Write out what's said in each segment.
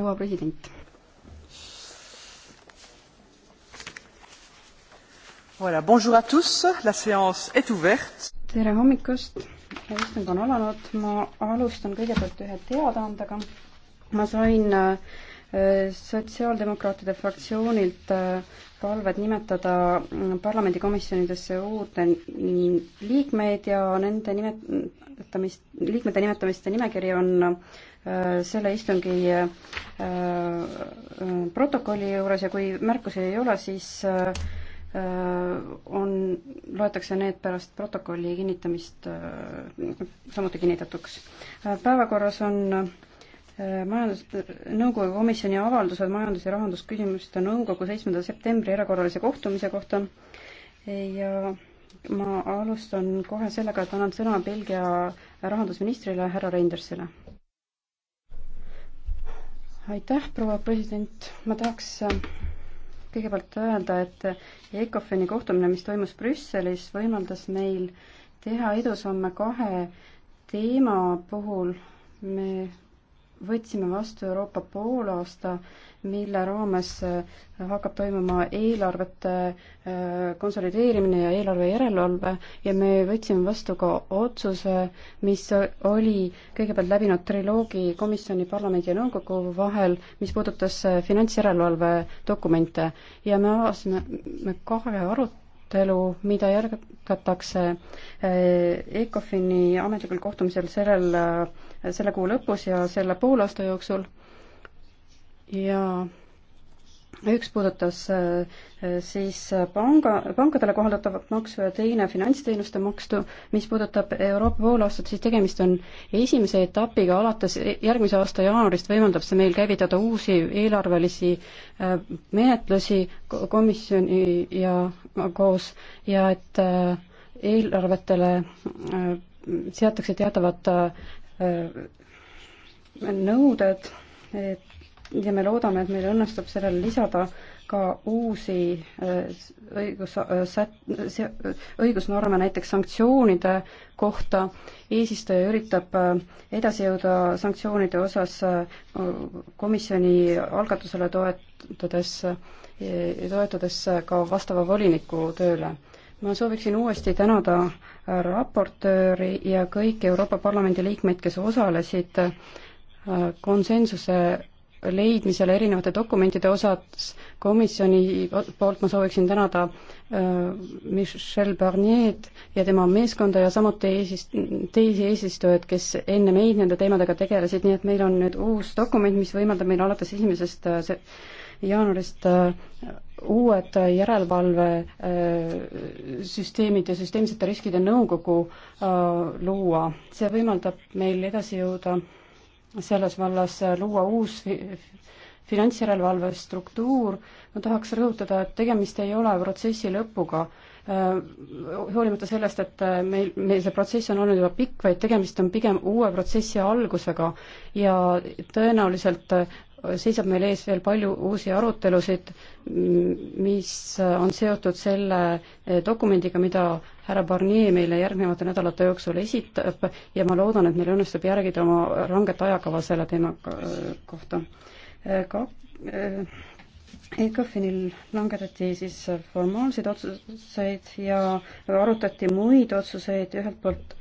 proua president. Voilà, bonjour à tous, la séance est ouverte. tere hommikust, istung on alanud, ma alustan kõigepealt ühe teadaandega. ma sain äh, sotsiaaldemokraatide fraktsioonilt äh, palved nimetada mm, parlamendikomisjonidesse uute liikmeid ja nende nimetamist, liikmete nimetamiste nimekiri on äh, selle istungi äh, protokolli juures ja kui märkusi ei ole, siis on, loetakse need pärast protokolli kinnitamist samuti kinnitatuks. päevakorras on Äh, majandus, nõukogu komisjoni avaldused majandus- ja rahandusküsimuste nõukogu seitsmenda septembri erakorralise kohtumise kohta ja ma alustan kohe sellega, et annan sõna Belgia rahandusministrile härra Reindersile. aitäh, proua president, ma tahaks kõigepealt öelda, et ECOFIN-i kohtumine, mis toimus Brüsselis, võimaldas meil teha edusamme kahe teema puhul. me võtsime vastu Euroopa poolaasta, mille raames äh, hakkab toimuma eelarvete äh, konsolideerimine ja eelarve järelevalve ja me võtsime vastu ka otsuse, mis oli kõigepealt läbinud triloogi komisjoni, parlamendi ja nõukogu vahel, mis puudutas äh, finantsjärelevalve dokumente ja me avasime kahe arut-, arutelu, mida jätkatakse eh, ECOFIN-i ametlikul kohtumisel sellel, eh, selle kuu lõpus ja selle poolaasta jooksul ja üks puudutas äh, siis äh, panga, pankadele kohaldatavat maksu ja teine finantsteenuste maksu. mis puudutab Euroopa poolaastat, siis tegemist on esimese etapiga, alates e-, järgmise aasta jaanuarist võimaldab see meil käivitada uusi eelarvelisi äh, menetlusi komisjoni ja koos ja et eelarvetele seatakse teatavad nõuded, et ja me loodame, et meil õnnestub sellele lisada ka uusi äh, õigus, äh, äh, õigusnorme näiteks sanktsioonide kohta. eesistuja üritab edasi jõuda sanktsioonide osas komisjoni algatusele toetudes, toetudes ka vastava voliniku tööle ma sooviksin uuesti tänada raportööri ja kõiki Euroopa Parlamendi liikmeid, kes osalesid konsensuse leidmisele erinevate dokumentide osas. komisjoni poolt ma sooviksin tänada äh, Michel Barnier'd ja tema meeskonda ja samuti eesist-, teisi eesistujaid, kes enne meid nende teemadega tegelesid, nii et meil on nüüd uus dokument, mis võimaldab meil alates esimesest äh, jaanuarist äh, uued järelevalvesüsteemid ja süsteemsete riskide nõukogu luua. see võimaldab meil edasi jõuda selles vallas luua uus finantsjärelevalve struktuur, ma tahaks rõhutada, et tegemist ei ole protsessi lõpuga. Äh, hoolimata sellest, et äh, meil, meil see protsess on olnud juba pikk, vaid tegemist on pigem uue protsessi algusega ja tõenäoliselt äh, seisab meil ees veel palju uusi arutelusid, mis on seotud selle eh, dokumendiga, mida härra Barnier meile järgnevate nädalate jooksul esitab ja ma loodan, et meil õnnestub järgida oma ranget ajakava selle teema eh, kohta. Eh, ka ECOFINil langetati siis formaalseid otsuseid ja arutati muid otsuseid ühelt poolt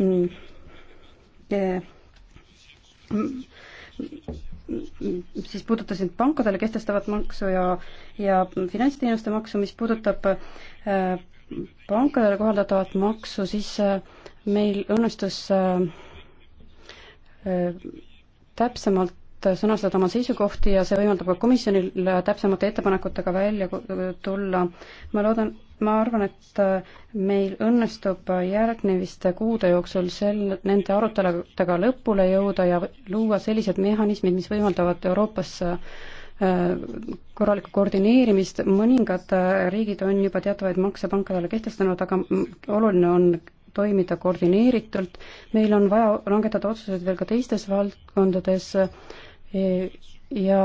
mm, yeah siis puudutasid pankadele kehtestavat maksu ja, ja finantsteenuste maksu, mis puudutab äh, pankadele kohaldatavat maksu, siis äh, meil õnnestus äh, äh täpsemalt sõnastada oma seisukohti ja see võimaldab ka komisjonil täpsemate ettepanekutega välja tulla. ma loodan, ma arvan, et äh, meil õnnestub järgneviste kuude jooksul sel, nende aruteludega lõpule jõuda ja luua sellised mehhanismid, mis võimaldavad Euroopas äh, korralikku koordineerimist, mõningad äh, riigid on juba teatavaid makse pankadele kehtestanud, aga oluline on toimida koordineeritult, meil on vaja langetada otsused veel ka teistes valdkondades, E, ja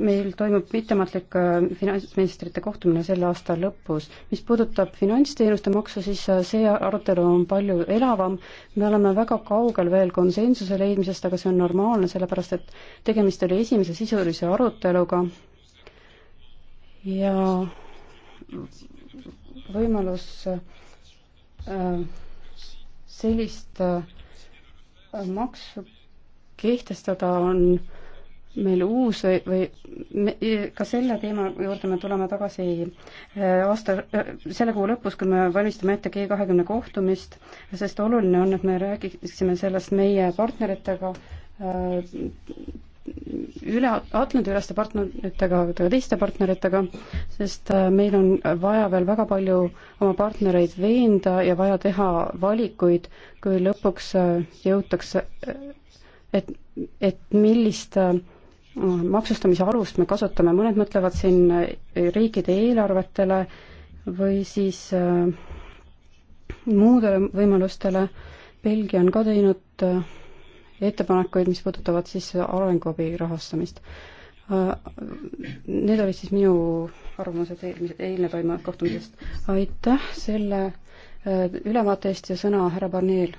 meil toimub mitteametlik äh, finantsministrite kohtumine selle aasta lõpus. mis puudutab finantsteenuste maksu, siis äh, see arutelu on palju elavam. me oleme väga kaugel veel konsensuse leidmisest, aga see on normaalne, sellepärast et tegemist oli esimese sisulise aruteluga ja võimalus äh, sellist maksu kehtestada on meil uus või, või ka selle teema juurde me tuleme tagasi äh, aasta, äh, selle kuu lõpus, kui me valmistame ette G kahekümne kohtumist, sest oluline on, et me räägiksime sellest meie partneritega, äh, üle, Atlandi-üleste partneritega, ka teiste partneritega, sest meil on vaja veel väga palju oma partnereid veenda ja vaja teha valikuid, kui lõpuks jõutakse, et, et millist äh, maksustamise alust me kasutame, mõned mõtlevad siin riikide eelarvetele või siis äh, muudele võimalustele. Belgia on ka teinud äh, ettepanekuid, mis puudutavad siis arenguabi rahastamist. Äh, need olid siis minu arvamused eelmised, eilne toimunud kohtumisest. aitäh selle ülevaate eest ja sõna härra Barnier.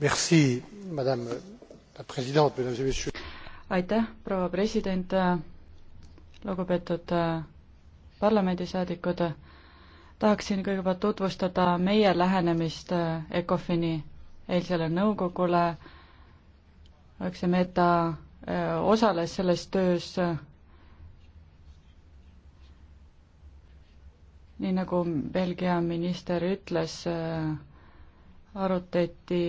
Merci, madame la présidente, mesdames et messieurs aitäh, proua president, lugupeetud äh, parlamendisaadikud, tahaksin kõigepealt tutvustada meie lähenemist äh, ECOFIN-i eilsele nõukogule, Aksemeta äh, osales selles töös nii nagu Belgia minister ütles, arutati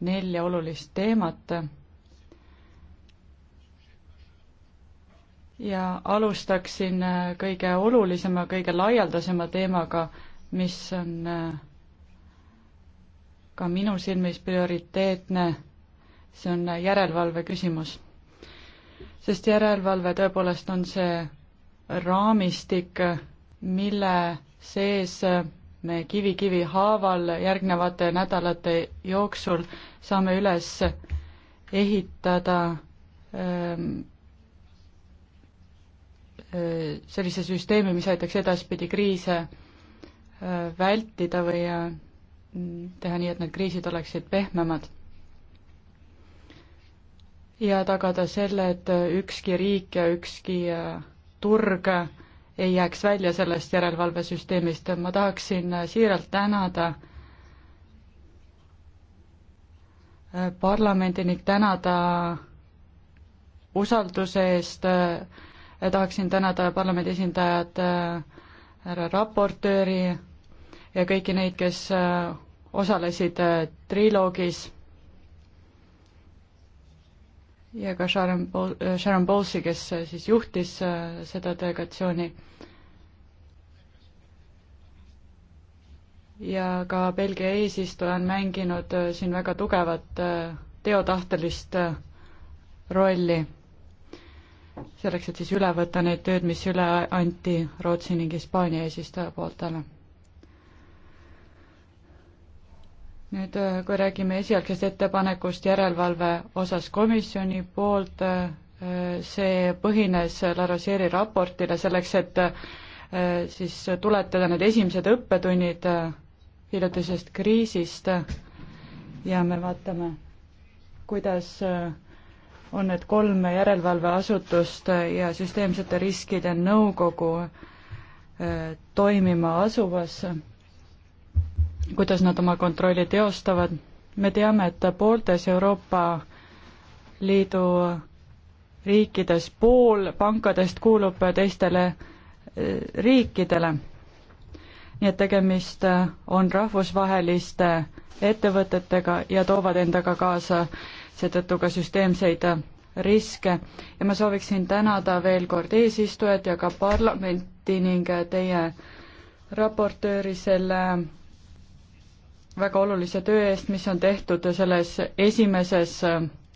nelja olulist teemat ja alustaksin äh, kõige olulisema, kõige laialdasema teemaga, mis on äh, ka minu silmis prioriteetne, see on äh, järelevalve küsimus. sest järelevalve tõepoolest on see raamistik, mille sees me kivi kivi haaval järgnevate nädalate jooksul saame üles ehitada ähm, Äh, sellise süsteemi, mis aitaks edaspidi kriise äh, vältida või äh, teha nii, et need kriisid oleksid pehmemad. ja tagada selle, et ükski riik ja ükski turg ei jääks välja sellest järelevalvesüsteemist, ma tahaksin siiralt tänada parlamendi ning tänada usalduse eest äh, tahaksin tänada parlamendi esindajad, härra raportööri ja kõiki neid, kes äh, osalesid äh, triloogis ja ka Sharon Bo-, äh, Sharon Bowles'i, kes siis juhtis seda delegatsiooni. ja ka Belgia eesistuja on mänginud siin väga tugevat teotahtelist rolli selleks, et siis üle võtta need tööd, mis üle anti Rootsi ning Hispaania eesistuja pooltele. nüüd, äh, kui räägime esialgsest ettepanekust järelevalve osas komisjoni poolt, äh, see põhines La Rosieri raportile selleks, et äh, siis tuletada need esimesed õppetunnid hiljutisest kriisist ja me vaatame, kuidas äh, on need kolm järelevalveasutust ja süsteemsete riskide nõukogu äh, toimima asuvas, kuidas nad oma kontrolli teostavad. me teame, et pooltes Euroopa Liidu riikides pool pankadest kuulub teistele äh, riikidele. nii et tegemist äh, on rahvusvaheliste ettevõtetega ja toovad endaga kaasa seetõttu ka süsteemseid riske ja ma sooviksin tänada veel kord eesistujat ja ka parlamenti ning teie raportööri selle väga olulise töö eest, mis on tehtud selles esimeses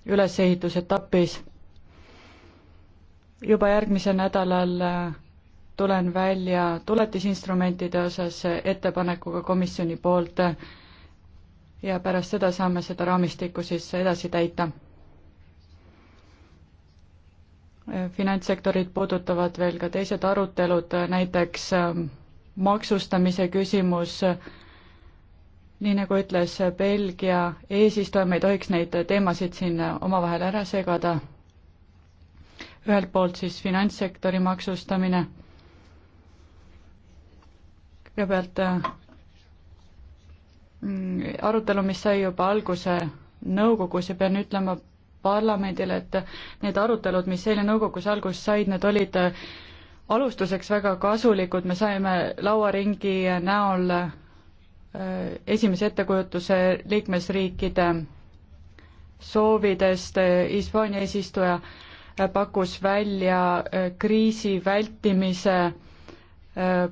ülesehitusetapis. juba järgmisel nädalal tulen välja tuletisinstrumentide osas ettepanekuga komisjoni poolt ja pärast seda saame seda raamistikku siis edasi täita. finantssektorit puudutavad veel ka teised arutelud, näiteks ähm, maksustamise küsimus, nii nagu ütles Belgia eesistuja, me ei tohiks neid teemasid siin omavahel ära segada. ühelt poolt siis finantssektori maksustamine, kõigepealt äh, Mm, arutelu, mis sai juba alguse nõukogus ja pean ütlema parlamendile, et need arutelud, mis eile nõukogus algust said, need olid alustuseks väga kasulikud, me saime lauaringi näol äh, esimese ettekujutuse liikmesriikide soovidest, Hispaania eesistuja äh, pakkus välja äh, kriisi vältimise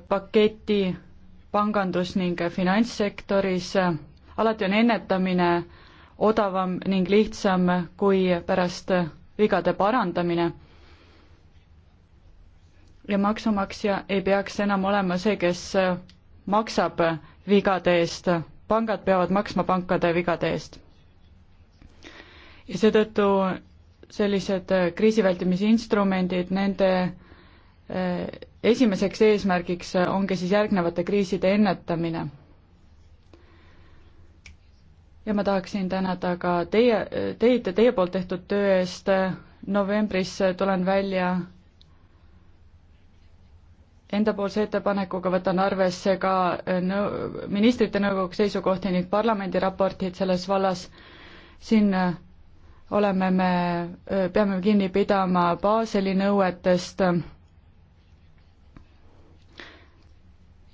paketi pangandus- ning finantssektoris. alati on ennetamine odavam ning lihtsam kui pärast vigade parandamine. ja maksumaksja ei peaks enam olema see, kes maksab vigade eest, pangad peavad maksma pankade vigade eest. ja seetõttu sellised kriisivältimisinstrumendid, nende eh, esimeseks eesmärgiks ongi siis järgnevate kriiside ennetamine. ja ma tahaksin tänada ka teie, teid ja teie poolt tehtud töö eest, novembris tulen välja endapoolse ettepanekuga võtan arvesse ka nõu-, ministrite nõukogu seisukohti ning parlamendi raportid selles vallas, siin äh, oleme me, äh, peame kinni pidama Baseli nõuetest,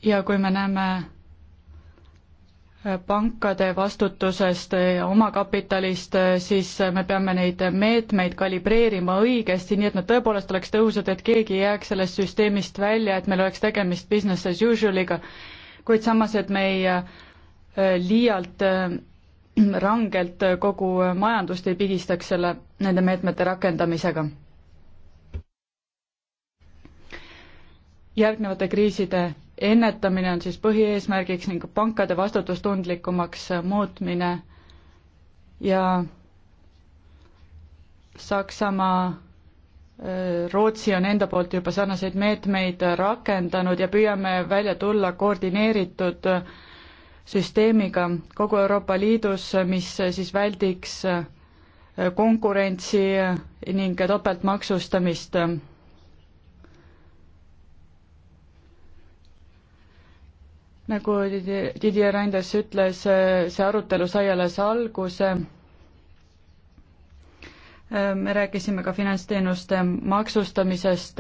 ja kui me näeme äh, pankade vastutusest, äh, omakapitalist, äh, siis me peame neid meetmeid kalibreerima õigesti, nii et nad tõepoolest oleks tõhusad, et keegi ei jääks sellest süsteemist välja, et meil oleks tegemist business as usual'iga, kuid samas, et me ei liialt rangelt kogu majandust ei pigistaks selle, nende meetmete rakendamisega. järgnevate kriiside ennetamine on siis põhieesmärgiks ning pankade vastutustundlikumaks muutmine ja Saksamaa, äh, Rootsi on enda poolt juba sarnaseid meetmeid rakendanud ja püüame välja tulla koordineeritud äh, süsteemiga kogu Euroopa Liidus, mis siis väldiks äh, konkurentsi ning topeltmaksustamist nagu Didier Randes ütles, see arutelu sai alles alguse. me rääkisime ka finantsteenuste maksustamisest,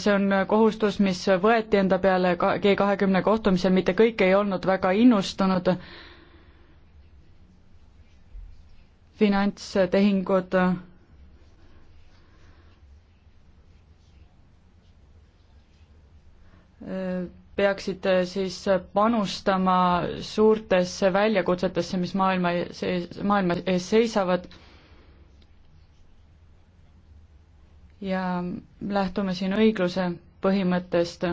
see on kohustus, mis võeti enda peale G kahekümne kohtumisel, mitte kõik ei olnud väga innustunud. finantstehingud äh, peaksid äh, siis panustama suurtesse väljakutsetesse, mis maailma sees, maailma ees seisavad. ja lähtume siin õigluse põhimõttest.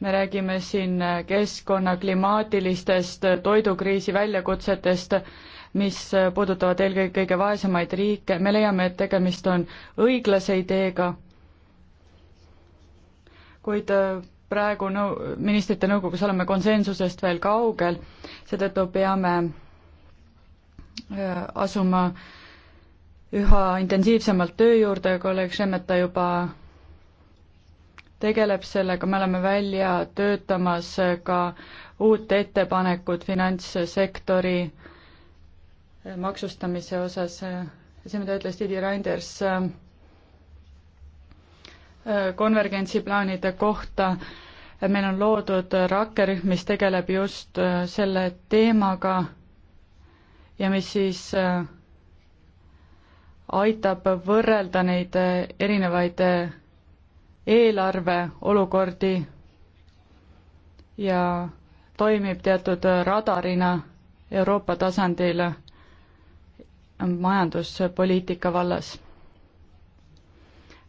me räägime siin äh, keskkonna, klimaatilistest, äh, toidukriisi väljakutsetest, mis puudutavad eelkõige kõige vaesemaid riike, me leiame, et tegemist on õiglase ideega, kuid praegu nõu-, ministrite nõukogus oleme konsensusest veel kaugel, seetõttu peame asuma üha intensiivsemalt töö juurde, kolleeg Šemeta juba tegeleb sellega, me oleme välja töötamas ka uut ettepanekut finantssektori maksustamise osas, see, mida ütles Didi Reinders äh,, konvergentsiplaanide kohta. meil on loodud rakkerühm, mis tegeleb just äh, selle teemaga ja mis siis äh, aitab võrrelda neid äh, erinevaid eelarve olukordi ja toimib teatud radarina Euroopa tasandil majanduspoliitika vallas.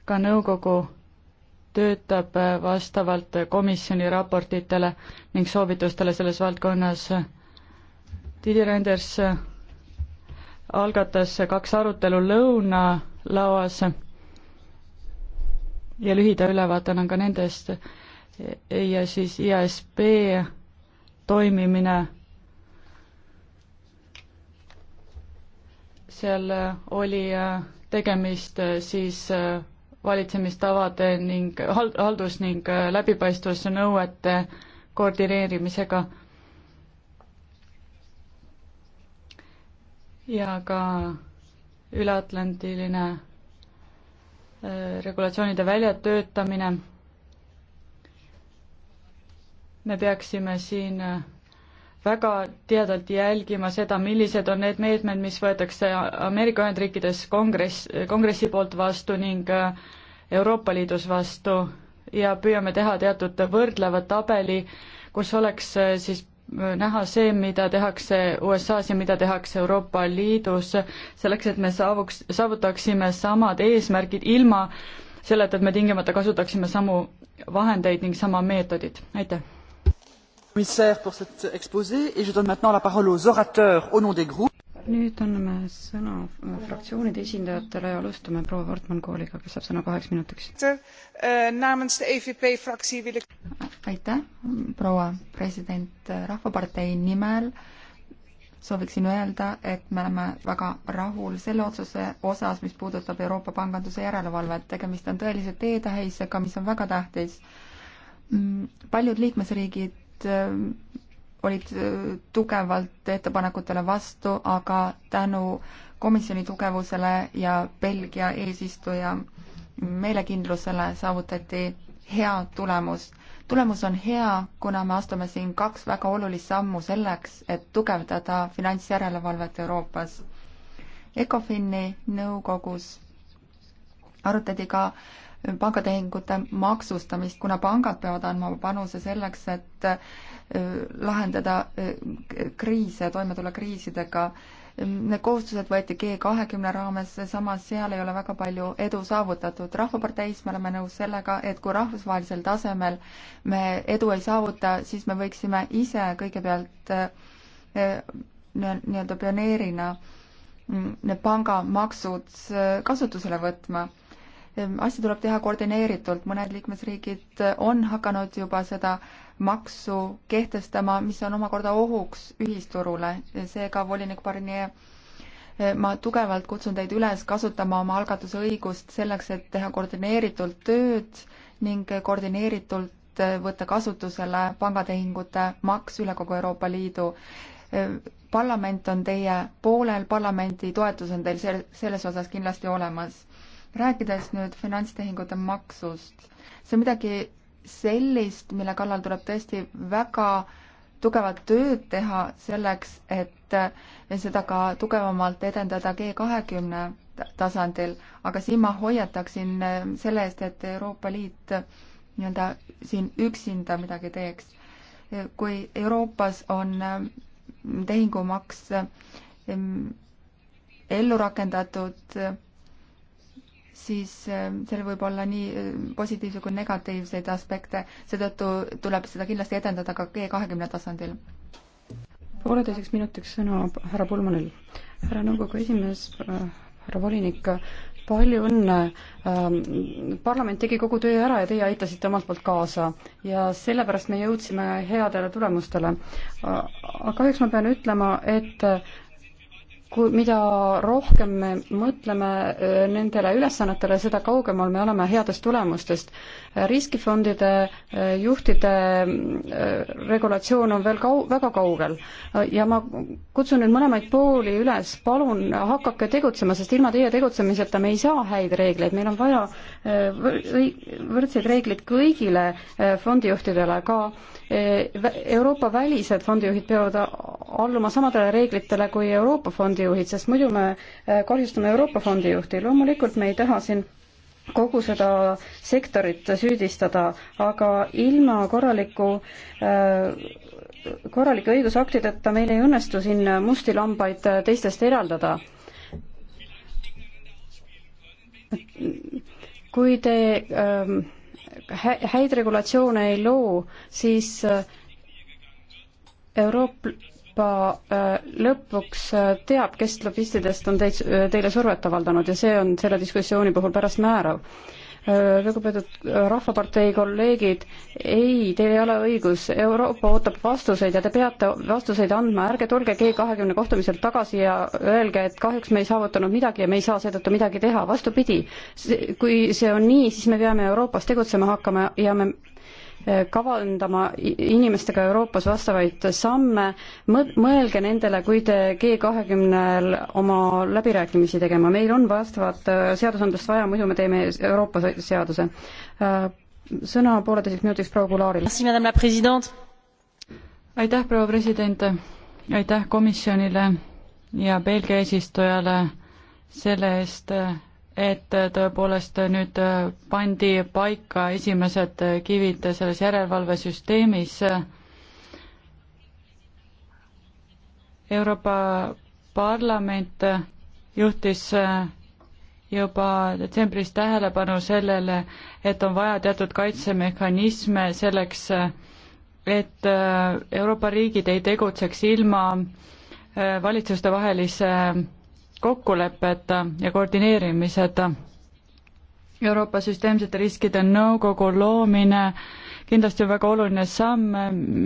ka nõukogu töötab äh, vastavalt äh, komisjoni raportitele ning soovitustele selles valdkonnas. Didi Renders äh, algatas kaks arutelu lõunalauas ja lühida ülevaate annan ka nendest ja siis ISB toimimine. seal oli tegemist siis valitsemistavade ning hal-, haldus- ning äh, läbipaistvusnõuete koordineerimisega ja ka üleatlandiline äh, regulatsioonide väljatöötamine. me peaksime siin äh, väga teadvalt jälgima seda, millised on need meetmed, mis võetakse Ameerika Ühendriikides kongress, kongressi poolt vastu ning äh, Euroopa Liidus vastu ja püüame teha teatud võrdleva tabeli, kus oleks äh, siis äh, näha see, mida tehakse USA-s ja mida tehakse Euroopa Liidus, selleks et me saavuks, saavutaksime samad eesmärgid ilma selleta, et me tingimata kasutaksime samu vahendeid ning sama meetodit, aitäh! commissaire pour cet exposé et je donne maintenant la parole aux orateurs au nom des groupes. nüüd anname sõna äh, fraktsioonide esindajatele ja alustame proua Wortmann Kooliga, kes saab sõna kaheks minutiks. Äh, e aitäh, proua president, äh, Rahvapartei nimel sooviksin öelda, et me oleme väga rahul selle otsuse osas, mis puudutab Euroopa panganduse järelevalvet, tegemist on tõelise teetähisega, mis on väga tähtis. Mm, paljud liikmesriigid Äh, olid äh, tugevalt ettepanekutele vastu, aga tänu komisjoni tugevusele ja Belgia eesistuja meelekindlusele saavutati hea tulemus. tulemus on hea, kuna me astume siin kaks väga olulist sammu selleks, et tugevdada finantsjärelevalvet Euroopas. ECOFIN-i nõukogus arutati ka pangatehingute maksustamist, kuna pangad peavad andma panuse selleks, et äh, lahendada äh, kriise, toime tulla kriisidega. Need kohustused võeti G kahekümne raames, samas seal ei ole väga palju edu saavutatud. rahvaparteis me oleme nõus sellega, et kui rahvusvahelisel tasemel me edu ei saavuta, siis me võiksime ise kõigepealt äh, nii-öelda pioneerina mm, need pangamaksud kasutusele võtma Ehm, asju tuleb teha koordineeritult, mõned liikmesriigid eh, on hakanud juba seda maksu kehtestama, mis on omakorda ohuks ühisturule, seega volinik Barnier, eh, ma tugevalt kutsun teid üles kasutama oma algatusõigust selleks, et teha koordineeritult tööd ning koordineeritult eh, võtta kasutusele pangatehingute maks üle kogu Euroopa Liidu ehm, parlament on teie poolel, parlamendi toetus on teil sel, selles osas kindlasti olemas rääkides nüüd finantstehingute maksust, see on midagi sellist, mille kallal tuleb tõesti väga tugevat tööd teha selleks, et seda ka tugevamalt edendada G kahekümne tasandil, aga siin ma hoiataksin selle eest, et Euroopa Liit nii-öelda siin üksinda midagi teeks. kui Euroopas on tehingumaks ellu rakendatud siis ähm, seal võib olla nii äh, positiivseid kui negatiivseid aspekte, seetõttu tuleb seda kindlasti edendada ka G kahekümne tasandil. pooleteiseks minutiks sõna härra Pulmanil. härra nõukogu esimees, äh, härra volinik, palju õnne ähm,. parlament tegi kogu töö ära ja teie aitasite omalt poolt kaasa ja sellepärast me jõudsime headele tulemustele. Äh, aga kahjuks ma pean ütlema, et äh, kui, mida rohkem me mõtleme äh, nendele ülesannetele, seda kaugemal me oleme headest tulemustest riskifondide eh, juhtide eh, regulatsioon on veel kau-, väga kaugel. Eh, ja ma kutsun nüüd mõlemaid pooli üles, palun hakake tegutsema, sest ilma teie tegutsemiseta me ei saa häid reegleid, meil on vaja võrdseid reegleid kõigile fondijuhtidele, ka Euroopa välised fondijuhid peavad alluma samadele reeglitele kui Euroopa fondijuhid, sest muidu me kahjustame Euroopa fondijuhti, loomulikult me ei taha siin kogu seda sektorit süüdistada, aga ilma korraliku äh, korralike õigusaktideta meil ei õnnestu siin musti lambaid äh, teistest eraldada. kui te ähm, häid regulatsioone ei loo, siis äh, Euroop-, Euroopa äh, lõpuks äh, teab, kes lobistidest on teid, äh, teile survet avaldanud ja see on selle diskussiooni puhul pärast määrav. lugupeetud Rahvapartei kolleegid, ei, teil ei ole õigus, Euroopa ootab vastuseid ja te peate vastuseid andma, ärge tulge G kahekümne kohtumiselt tagasi ja öelge, et kahjuks me ei saavutanud midagi ja me ei saa seetõttu midagi teha, vastupidi, kui see on nii, siis me peame Euroopas tegutsema hakkama ja me Äh, kavandama inimestega Euroopas vastavaid samme, mõelge nendele, kui te G kahekümnel oma läbirääkimisi tegema, meil on vastavat äh, seadusandlust vaja, muidu me teeme Euroopa seaduse. Äh, sõna pooleteiseks minutiks proua Gularile. aitäh, proua president, aitäh komisjonile ja Belgia eesistujale selle eest, et äh, tõepoolest äh, nüüd äh, pandi paika esimesed kivid selles järelevalvesüsteemis. Euroopa Parlament juhtis juba detsembris tähelepanu sellele, et on vaja teatud kaitsemehhanisme selleks, et Euroopa riigid ei tegutseks ilma valitsustevahelise kokkulepped ja koordineerimised. Euroopa Süsteemsete Riskide Nõukogu loomine kindlasti on väga oluline samm,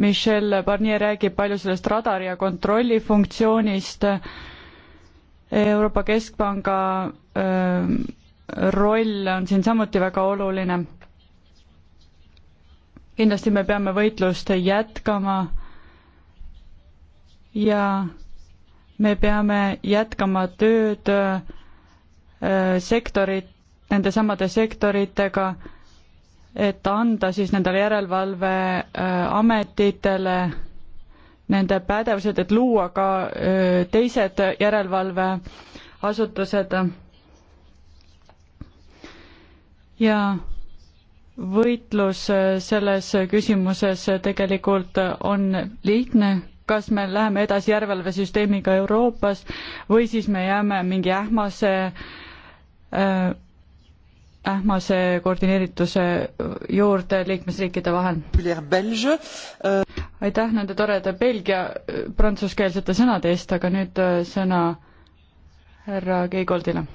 Michel Barnier räägib palju sellest radari ja kontrolli funktsioonist, Euroopa Keskpanga öö, roll on siin samuti väga oluline. kindlasti me peame võitlust jätkama ja me peame jätkama tööd äh, sektorit, nende samade sektoritega, et anda siis nendele järelevalveametitele äh, nende pädevused, et luua ka äh, teised järelevalveasutused. ja võitlus selles küsimuses tegelikult on lihtne kas me läheme edasi järelevalvesüsteemiga Euroopas või siis me jääme mingi ähmase äh, ähmase koordineerituse juurde liikmesriikide vahel. aitäh nende toreda Belgia äh, prantsuskeelsete sõnade eest, aga nüüd äh, sõna härra Geigoldile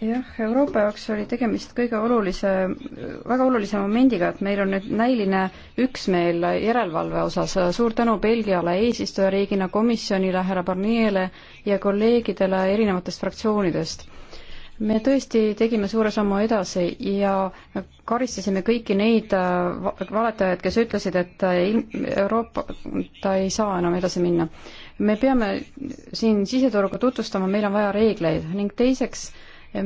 jah, Euroopa jaoks oli tegemist kõige olulise, väga olulise momendiga, et meil on nüüd näiline üksmeel järelevalve osas. suur tänu Belgiale eesistujariigina, komisjonile, härra Barnier'le ja kolleegidele erinevatest fraktsioonidest. me tõesti tegime suure sammu edasi ja karistasime kõiki neid valetajaid, kes ütlesid, et Euroopa, ta ei saa enam edasi minna. me peame siin siseturuga tutvustama, meil on vaja reegleid ning teiseks,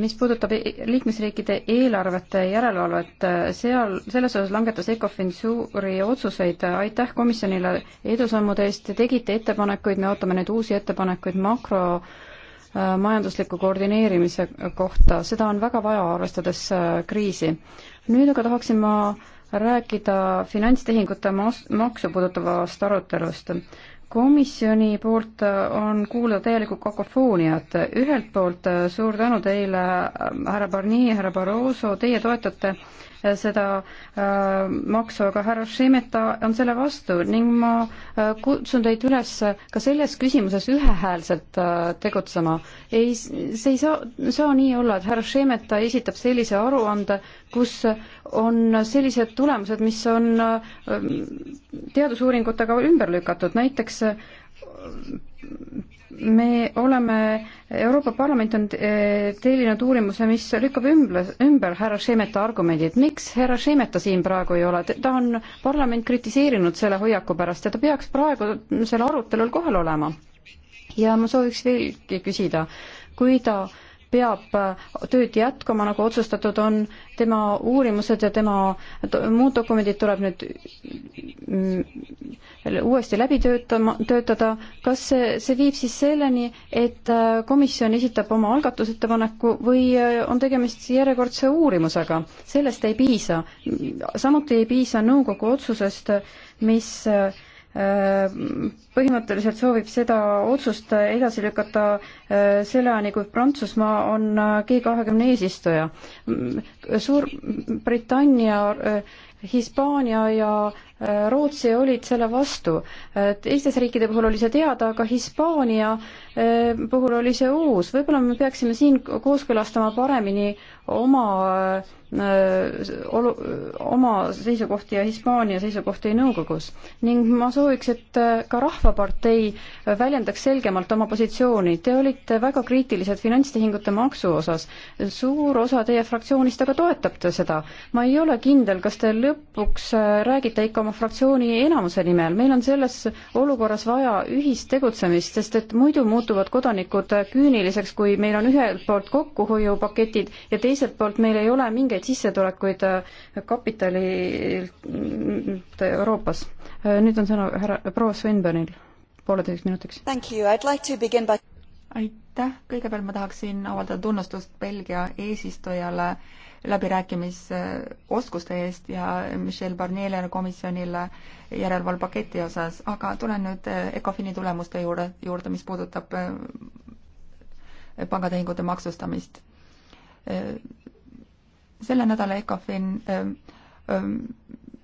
mis puudutab e-, liikmesriikide eelarvete järelevalvet, seal, selles osas langetas ECOFIN suuri otsuseid, aitäh komisjonile edusammude eest, te tegite ettepanekuid, me ootame nüüd uusi ettepanekuid makro äh, majandusliku koordineerimise kohta, seda on väga vaja, arvestades äh, kriisi. nüüd aga tahaksin ma rääkida finantstehingute maksu puudutavast arutelust komisjoni poolt äh, on kuulda täielikku kakofooniat. ühelt poolt äh, suur tänu teile, äh, härra Barnier, härra Barroso, teie toetate äh, Äh, seda äh, maksu, aga härra Šemeta on selle vastu ning ma äh, kutsun teid üles ka selles küsimuses ühehäälselt tegutsema. ei, see ei saa, saa nii olla, et härra Šemeta esitab sellise aruande, kus on sellised tulemused, mis on teadusuuringutega ümber lükatud, näiteks me oleme, Euroopa Parlament on eh, tellinud uurimuse, mis lükkab ümber, ümber härra Šemeta argumendid. miks härra Šemeta siin praegu ei ole? ta on parlament kritiseerinud selle hoiaku pärast ja ta peaks praegu sel arutelul kohal olema. ja ma sooviks veelgi küsida, kui ta äh, peab äh, tööd jätkama, nagu otsustatud on, tema uurimused ja tema muud dokumendid tuleb nüüd mm, uuesti läbi töötama, töötada, kas see, see viib siis selleni, et äh, komisjon esitab oma algatusettepaneku või äh, on tegemist järjekordse uurimusega? sellest ei piisa. samuti ei piisa nõukogu otsusest, mis äh, põhimõtteliselt soovib seda otsust edasi lükata äh, selleni, kui Prantsusmaa on äh, G kahekümne eesistuja. Suurbritannia äh, Hispaania ja äh, Rootsi olid selle vastu. Äh, teistes riikide puhul oli see teada, aga Hispaania äh, puhul oli see uus. võib-olla me peaksime siin kooskõlastama paremini oma olu, oma seisukohti ja Hispaania seisukohti nõukogus. ning ma sooviks, et ka Rahvapartei väljendaks selgemalt oma positsiooni. Te olite väga kriitilised finantstehingute maksu osas. suur osa teie fraktsioonist aga toetab seda. ma ei ole kindel, kas te lõpuks lõpuks äh, räägite ikka oma fraktsiooni enamuse nimel, meil on selles olukorras vaja ühist tegutsemist, sest et muidu muutuvad kodanikud äh, küüniliseks, kui meil on ühelt poolt kokkuhoiupaketid ja teiselt poolt meil ei ole mingeid sissetulekuid äh, kapitalilt mm, Euroopas. nüüd on sõna härra proua Svenbergil pooleteiseks minutiks. Like by... aitäh, kõigepealt ma tahaksin avaldada tunnustust Belgia eesistujale äh, läbirääkimisoskuste eest ja Michel Barnier'le komisjonile järelevalvepaketi osas, aga tulen nüüd eh, ECOFIN-i tulemuste juurde, juurde, mis puudutab eh, pangatehingute maksustamist. Eh, selle nädala ECOFIN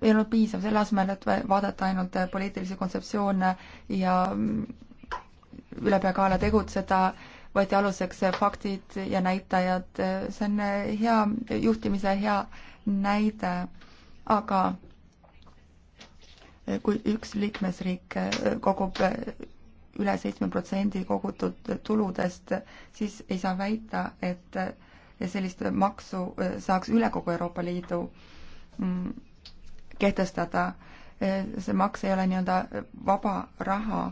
ei olnud piisav selle asemel, et vaadata ainult poliitilisi kontseptsioone ja mm, ülepeakaela tegutseda äh, võeti aluseks faktid ja näitajad, see on hea, juhtimise hea näide, aga kui üks liikmesriik kogub üle seitsme protsendi kogutud tuludest, siis ei saa väita, et sellist maksu saaks üle kogu Euroopa Liidu kehtestada. see maks ei ole nii-öelda vaba raha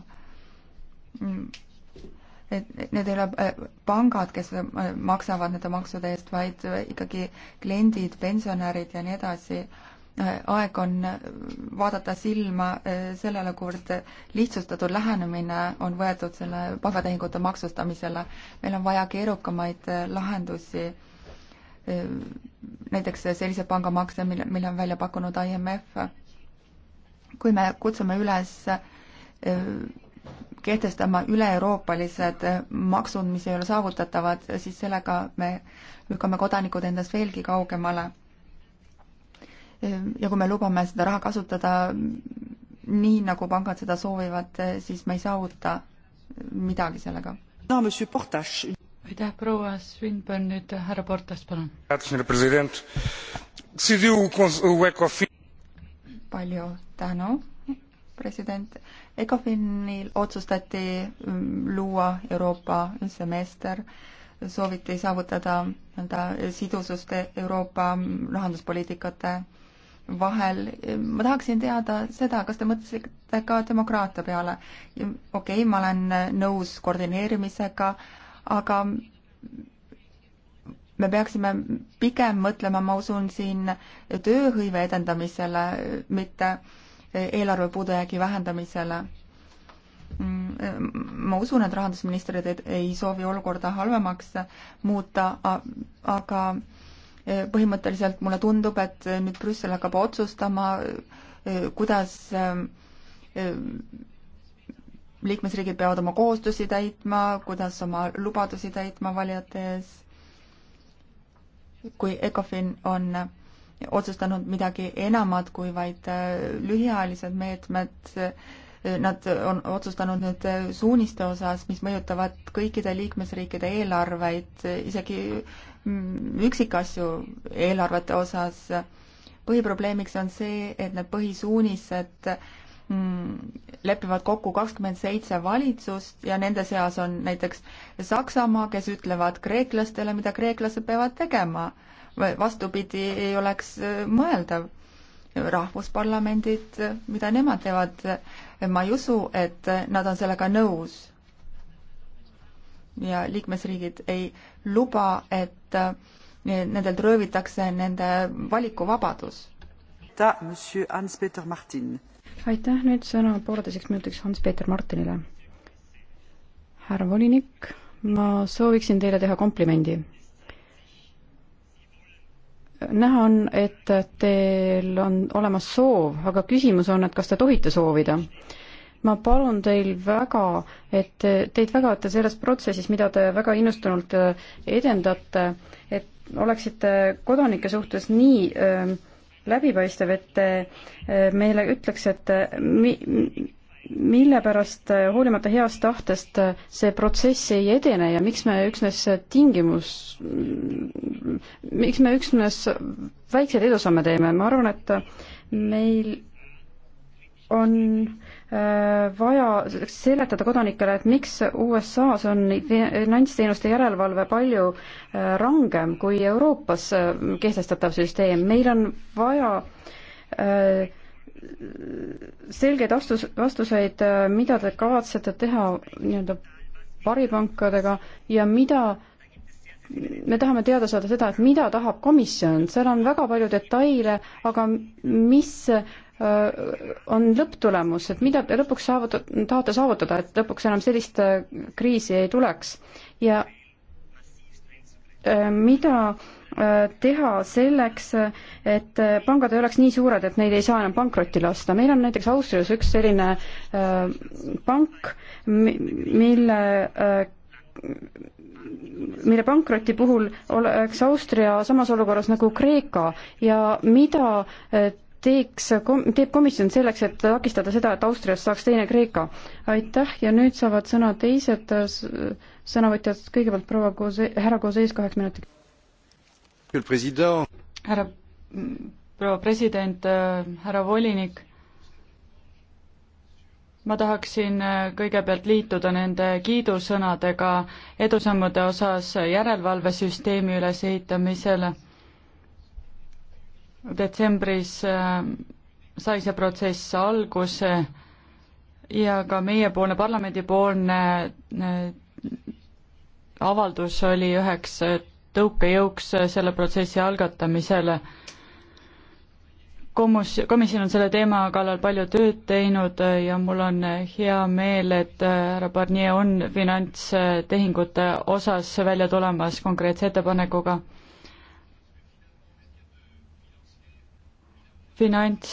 et need ei ole äh, pangad, kes äh, maksavad nende maksude eest, vaid äh, ikkagi kliendid, pensionärid ja nii edasi. aeg on vaadata silma sellele, kuivõrd lihtsustatud lähenemine on võetud selle pangatehingute maksustamisele. meil on vaja keerukamaid lahendusi näiteks sellise pangamakse, mille, mille on välja pakkunud IMF. kui me kutsume üles kehtestama üle-euroopalised maksud, mis ei ole saavutatavad, siis sellega me lükkame kodanikud endast veelgi kaugemale. ja kui me lubame seda raha kasutada nii, nagu pangad seda soovivad, siis me ei saavuta midagi sellega. aitäh, proua Svinberg, nüüd härra Portas, palun. palju tänu, president ECOFINil otsustati mm, luua Euroopa semester, sooviti saavutada nii-öelda sidusust Euroopa rahanduspoliitikate vahel. ma tahaksin teada seda, kas te mõtlesite ka demokraatia peale. okei okay,, ma olen nõus koordineerimisega, aga me peaksime pigem mõtlema, ma usun siin tööhõive edendamisele, mitte äh, eelarve puudujäägi vähendamisele. ma usun, et rahandusministrid ei soovi olukorda halvemaks muuta, aga e, põhimõtteliselt mulle tundub, et nüüd Brüssel hakkab otsustama, e, kuidas e, liikmesriigid peavad oma kohustusi täitma, kuidas oma lubadusi täitma valijate ees. kui ECOFIN on otsustanud midagi enamat kui vaid äh, lühiajalised meetmed. Äh, nad on otsustanud nüüd äh, suuniste osas, mis mõjutavad kõikide liikmesriikide eelarveid, isegi mm, üksikasju eelarvete osas. põhiprobleemiks on see, et need põhisuunised mm, lepivad kokku kakskümmend seitse valitsust ja nende seas on näiteks Saksamaa, kes ütlevad kreeklastele, mida kreeklased peavad tegema vastupidi, ei oleks äh, mõeldav. rahvusparlamendid, äh, mida nemad teevad, äh, ma ei usu, et nad on sellega nõus. ja liikmesriigid ei luba, et nendelt röövitakse nende valikuvabadus. aitäh, nüüd sõna pooleteiseks minutiks Hans-Peeter Martinile. härra volinik, ma sooviksin teile teha komplimendi näha on, et teil on olemas soov, aga küsimus on, et kas te tohite soovida? ma palun teil väga, et teid väga, et te selles protsessis, mida te väga innustunult äh, edendate, et oleksite kodanike suhtes nii öö, äh, läbipaistev, et te äh, meile ütleks, et mi, mille pärast eh, hoolimata heast tahtest eh, see protsess ei edene ja miks me üksnes tingimus, mm, miks me üksnes väikseid edusamme teeme, ma arvan, et eh, meil on vaja seletada kodanikele, et miks USA-s on finantsteenuste järelevalve palju rangem kui Euroopas kehtestatav süsteem, meil on vaja äh, selgeid vastus, vastuseid, äh, mida te kavatsete teha nii-öelda paripankadega ja mida me tahame teada saada seda, et mida tahab komisjon, seal on väga palju detaile, aga mis äh, on lõpptulemus, et mida te lõpuks saavuta-, tahate saavutada, et lõpuks enam sellist äh, kriisi ei tuleks ja mida äh, Äh, teha selleks, et pangad ei oleks nii suured, et neid ei saa enam pankrotti lasta. meil on näiteks Austrias üks selline äh, pank, mille äh, mille pankroti puhul oleks Austria samas olukorras nagu Kreeka ja mida teeks, teeb komisjon selleks, et takistada seda, et Austriast saaks teine Kreeka. aitäh ja nüüd saavad sõna teised sõnavõtjad, kõigepealt proua Koze-, härra Kozees kaheks minutiks härra mm, proua president, äh, härra volinik, ma tahaksin äh, kõigepealt liituda nende kiidusõnadega edusammude osas järelevalvesüsteemi ülesehitamisel. detsembris äh, sai see protsess alguse ja ka meiepoolne, parlamendipoolne avaldus oli üheks tõukejõuks selle protsessi algatamisele. Komus-, komisjon on selle teema kallal palju tööd teinud ja mul on hea meel, et härra Barnier on finantstehingute osas välja tulemas konkreetse ettepanekuga. finants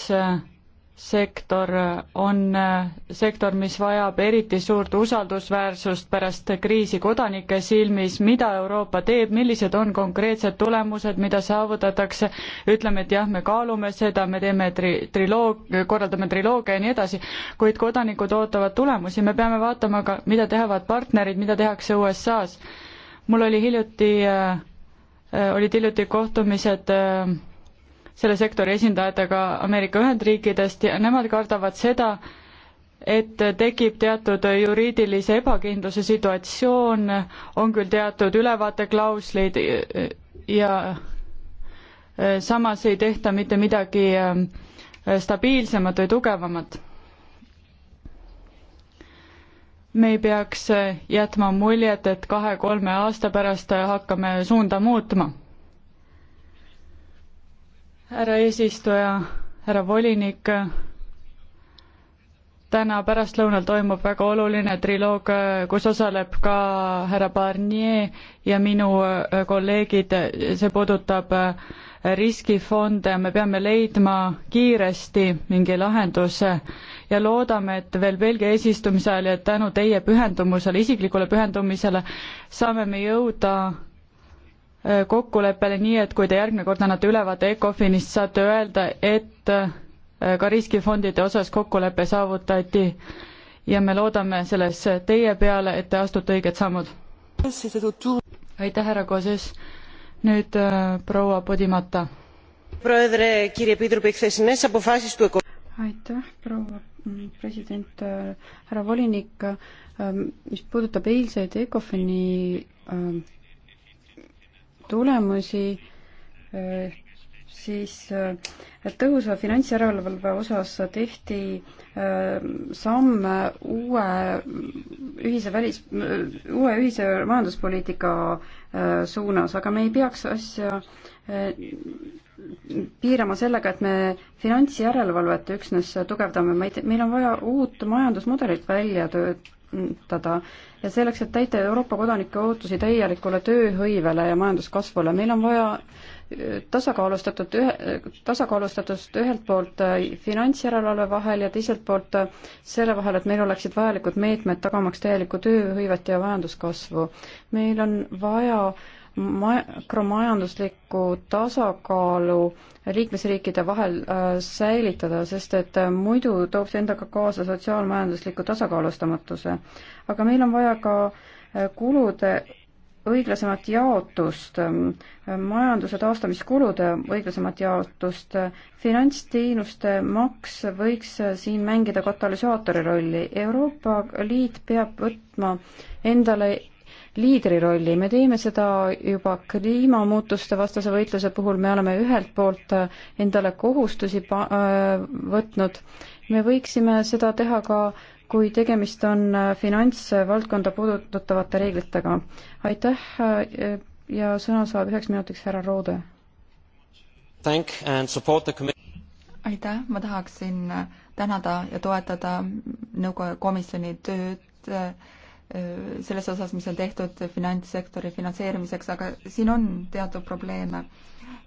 sektor on äh, sektor, mis vajab eriti suurt usaldusväärsust pärast kriisi kodanike silmis, mida Euroopa teeb, millised on konkreetsed tulemused, mida saavutatakse, ütleme, et jah, me kaalume seda, me teeme tri-, triloog-, korraldame triloogia ja nii edasi, kuid kodanikud ootavad tulemusi, me peame vaatama ka, mida teevad partnerid, mida tehakse USA-s. mul oli hiljuti, äh, äh, olid hiljuti kohtumised äh, selle sektori esindajatega Ameerika Ühendriikidest ja nemad kardavad seda, et tekib teatud juriidilise ebakindluse situatsioon, on küll teatud ülevaateklauslid ja äh, samas ei tehta mitte midagi äh, stabiilsemat või tugevamat. me ei peaks äh, jätma muljet, et kahe-kolme aasta pärast hakkame suunda muutma härra eesistuja, härra volinik, täna pärastlõunal toimub väga oluline triloog, kus osaleb ka härra Barnier ja minu äh, kolleegid, see puudutab äh, riskifonde, me peame leidma kiiresti mingi lahenduse ja loodame, et veel Belgia eesistumise ajal ja tänu teie pühendumusele, isiklikule pühendumisele, saame me jõuda kokkuleppele, nii et kui te järgmine kord annate ülevaate ECOFINist, saate öelda, et äh, ka riskifondide osas kokkulepe saavutati ja me loodame selles teie peale, et te astute õiged sammud. aitäh, härra Koses. nüüd äh, proua Podimata. aitäh, proua mm, president, äh, härra volinik, äh, mis puudutab eilseid ECOFIN-i äh, tulemusi, eh, siis eh, tõhusa finantsjärelevalve osas tehti eh, samm uue ühise välis, uue ühise majanduspoliitika suunas, aga me ei peaks asja piirama sellega, et me finantsjärelevalvet üksnes tugevdame, meid, meil on vaja uut majandusmudelit välja tööd, parandada ja selleks, et täita Euroopa kodanike ootusi täielikule tööhõivele ja majanduskasvule, meil on vaja äh, tasakaalustatud ühe, äh, tasakaalustatust ühelt poolt äh, finantsjärelevalve vahel ja teiselt poolt selle vahel, et meil oleksid vajalikud meetmed tagamaks täielikku tööhõivet ja majanduskasvu. meil on vaja äh, makromajanduslikku tasakaalu liikmesriikide vahel äh, säilitada, sest et äh, muidu toob see endaga kaasa sotsiaalmajandusliku tasakaalustamatuse. aga meil on vaja ka äh, kulude õiglasemat jaotust, ähm, majanduse taastamiskulude õiglasemat jaotust, finantsteenuste maks võiks siin mängida katalüsaatori rolli. Euroopa Liit peab võtma endale liidri rolli, me teeme seda juba kliimamuutuste vastase võitluse puhul, me oleme ühelt poolt endale kohustusi äh, võtnud, me võiksime seda teha ka kui tegemist on äh, finantsvaldkonda puudutavate reeglitega. aitäh äh, ja sõna saab üheks minutiks härra Roode. aitäh, ma tahaksin tänada ja toetada nõukogu komisjoni tööd selles osas, mis on tehtud finantssektori finantseerimiseks, aga siin on teatud probleeme.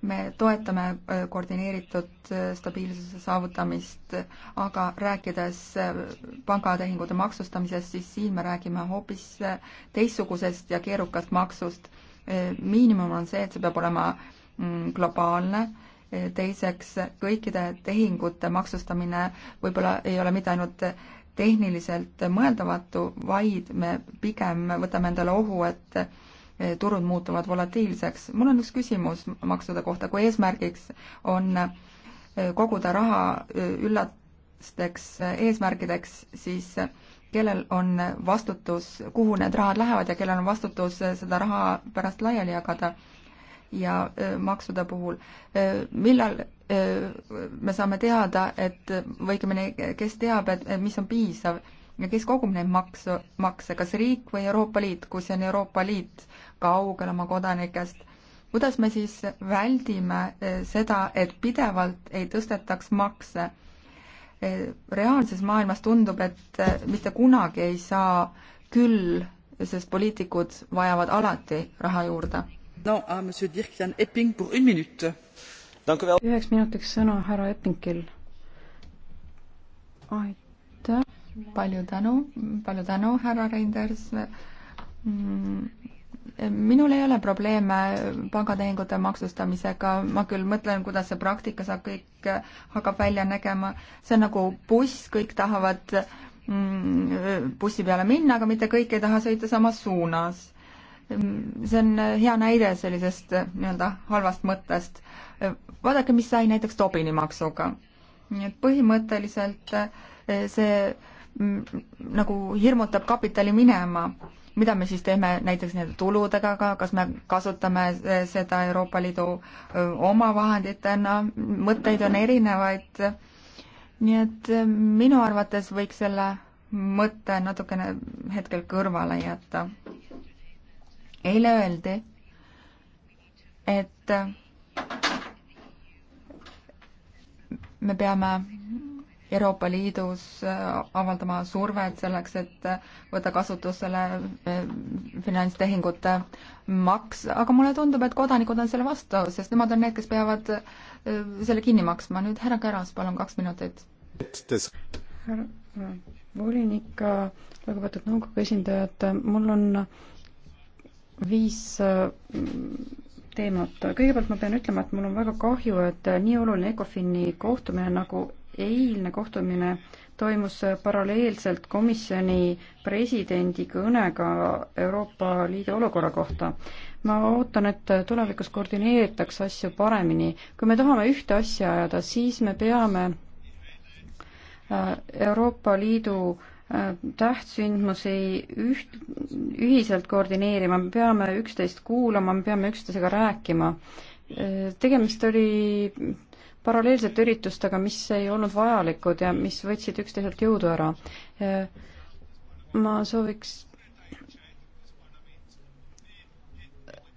me toetame äh, koordineeritud äh, stabiilsuse saavutamist, aga rääkides äh, pangatehingute maksustamisest, siis siin me räägime hoopis teistsugusest ja keerukast maksust. miinimum on see, et see peab olema mm, globaalne teiseks kõikide tehingute maksustamine võib-olla ei ole mitte ainult tehniliselt mõeldamatu, vaid me pigem võtame endale ohu, et eh, turud muutuvad volatiilseks. mul on üks küsimus maksude kohta, kui eesmärgiks on eh, koguda raha eh, üllasteks eesmärkideks, siis kellel on vastutus, kuhu need rahad lähevad ja kellel on vastutus seda raha pärast laiali jagada ja maksude puhul, millal me saame teada, et või õigemini, kes teab, et mis on piisav ja kes kogub neid maksu, makse, kas riik või Euroopa Liit, kui see on Euroopa Liit kaugel oma kodanikest, kuidas me siis väldime eh, seda, et pidevalt ei tõstetaks makse? Eh, reaalses maailmas tundub, et eh, mitte kunagi ei saa küll, sest poliitikud vajavad alati raha juurde. no, ah, monsieur Dirk-Jan Epping pour une minute üheks minutiks sõna härra Eppingil. aitäh. palju tänu, palju tänu, härra Reinders mm, minul ei ole probleeme pangatehingute maksustamisega, ma küll mõtlen, kuidas see praktikas kõik hakkab välja nägema. see on nagu buss, kõik tahavad mm, bussi peale minna, aga mitte kõik ei taha sõita samas suunas see on hea näide sellisest nii-öelda halvast mõttest. vaadake, mis sai näiteks Tobini maksuga. nii et põhimõtteliselt eh, see mm, nagu hirmutab kapitali minema. mida me siis teeme näiteks nende tuludega ka, kas me kasutame eh, seda Euroopa Liidu eh, omavahenditena, mõtteid on erinevaid. nii et minu arvates võiks selle mõtte natukene hetkel kõrvale jätta eile öeldi, et me peame Euroopa Liidus äh, avaldama survet selleks, et võtta kasutusele äh, finantstehingute maks, aga mulle tundub, et kodanikud on selle vastu, sest nemad on need, kes peavad äh, selle kinni maksma. nüüd härra Käras, palun kaks minutit. härra volinik, lugupeetud nõukogu esindajad, mul on viis äh, teemat. kõigepealt ma pean ütlema, et mul on väga kahju, et nii oluline ECOFIN-i kohtumine nagu eilne kohtumine toimus paralleelselt komisjoni presidendi kõnega Euroopa Liidu olukorra kohta. ma ootan, et tulevikus koordineeritakse asju paremini. kui me tahame ühte asja ajada, siis me peame äh, Euroopa Liidu äh, tähtsündmusi üht, ühiselt koordineerima, me peame üksteist kuulama, me peame üksteisega rääkima. tegemist oli paralleelsete üritustega, mis ei olnud vajalikud ja mis võtsid üksteiselt jõudu ära. ma sooviks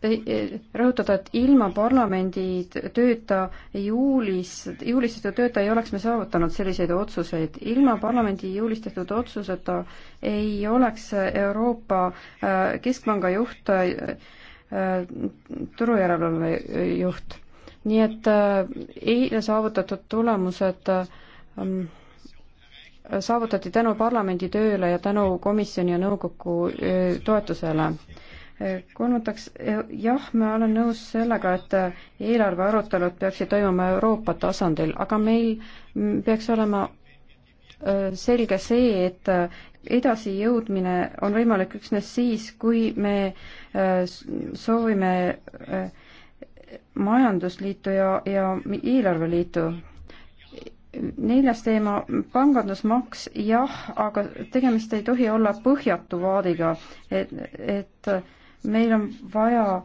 Eh, rõhutada, et ilma parlamendi tööta juulis, juulistatud tööta ei oleks me saavutanud selliseid otsuseid. ilma parlamendi juulistatud otsuseta ei oleks Euroopa äh, Keskpanga juht äh, turujärelevalve juht. nii et äh, eile saavutatud tulemused ähm, saavutati tänu parlamendi tööle ja tänu komisjoni ja nõukogu toetusele kolmandaks, eh, jah, ma olen nõus sellega, et eh, eelarve arutelud peaksid toimuma Euroopa tasandil, aga meil mm, peaks olema eh, selge see, et edasijõudmine on võimalik üksnes siis, kui me soovime majandusliitu ja, ja eelarveliitu neljas teema, pangandusmaks, jah, aga tegemist ei tohi olla põhjatu vaadiga, et, et meil on vaja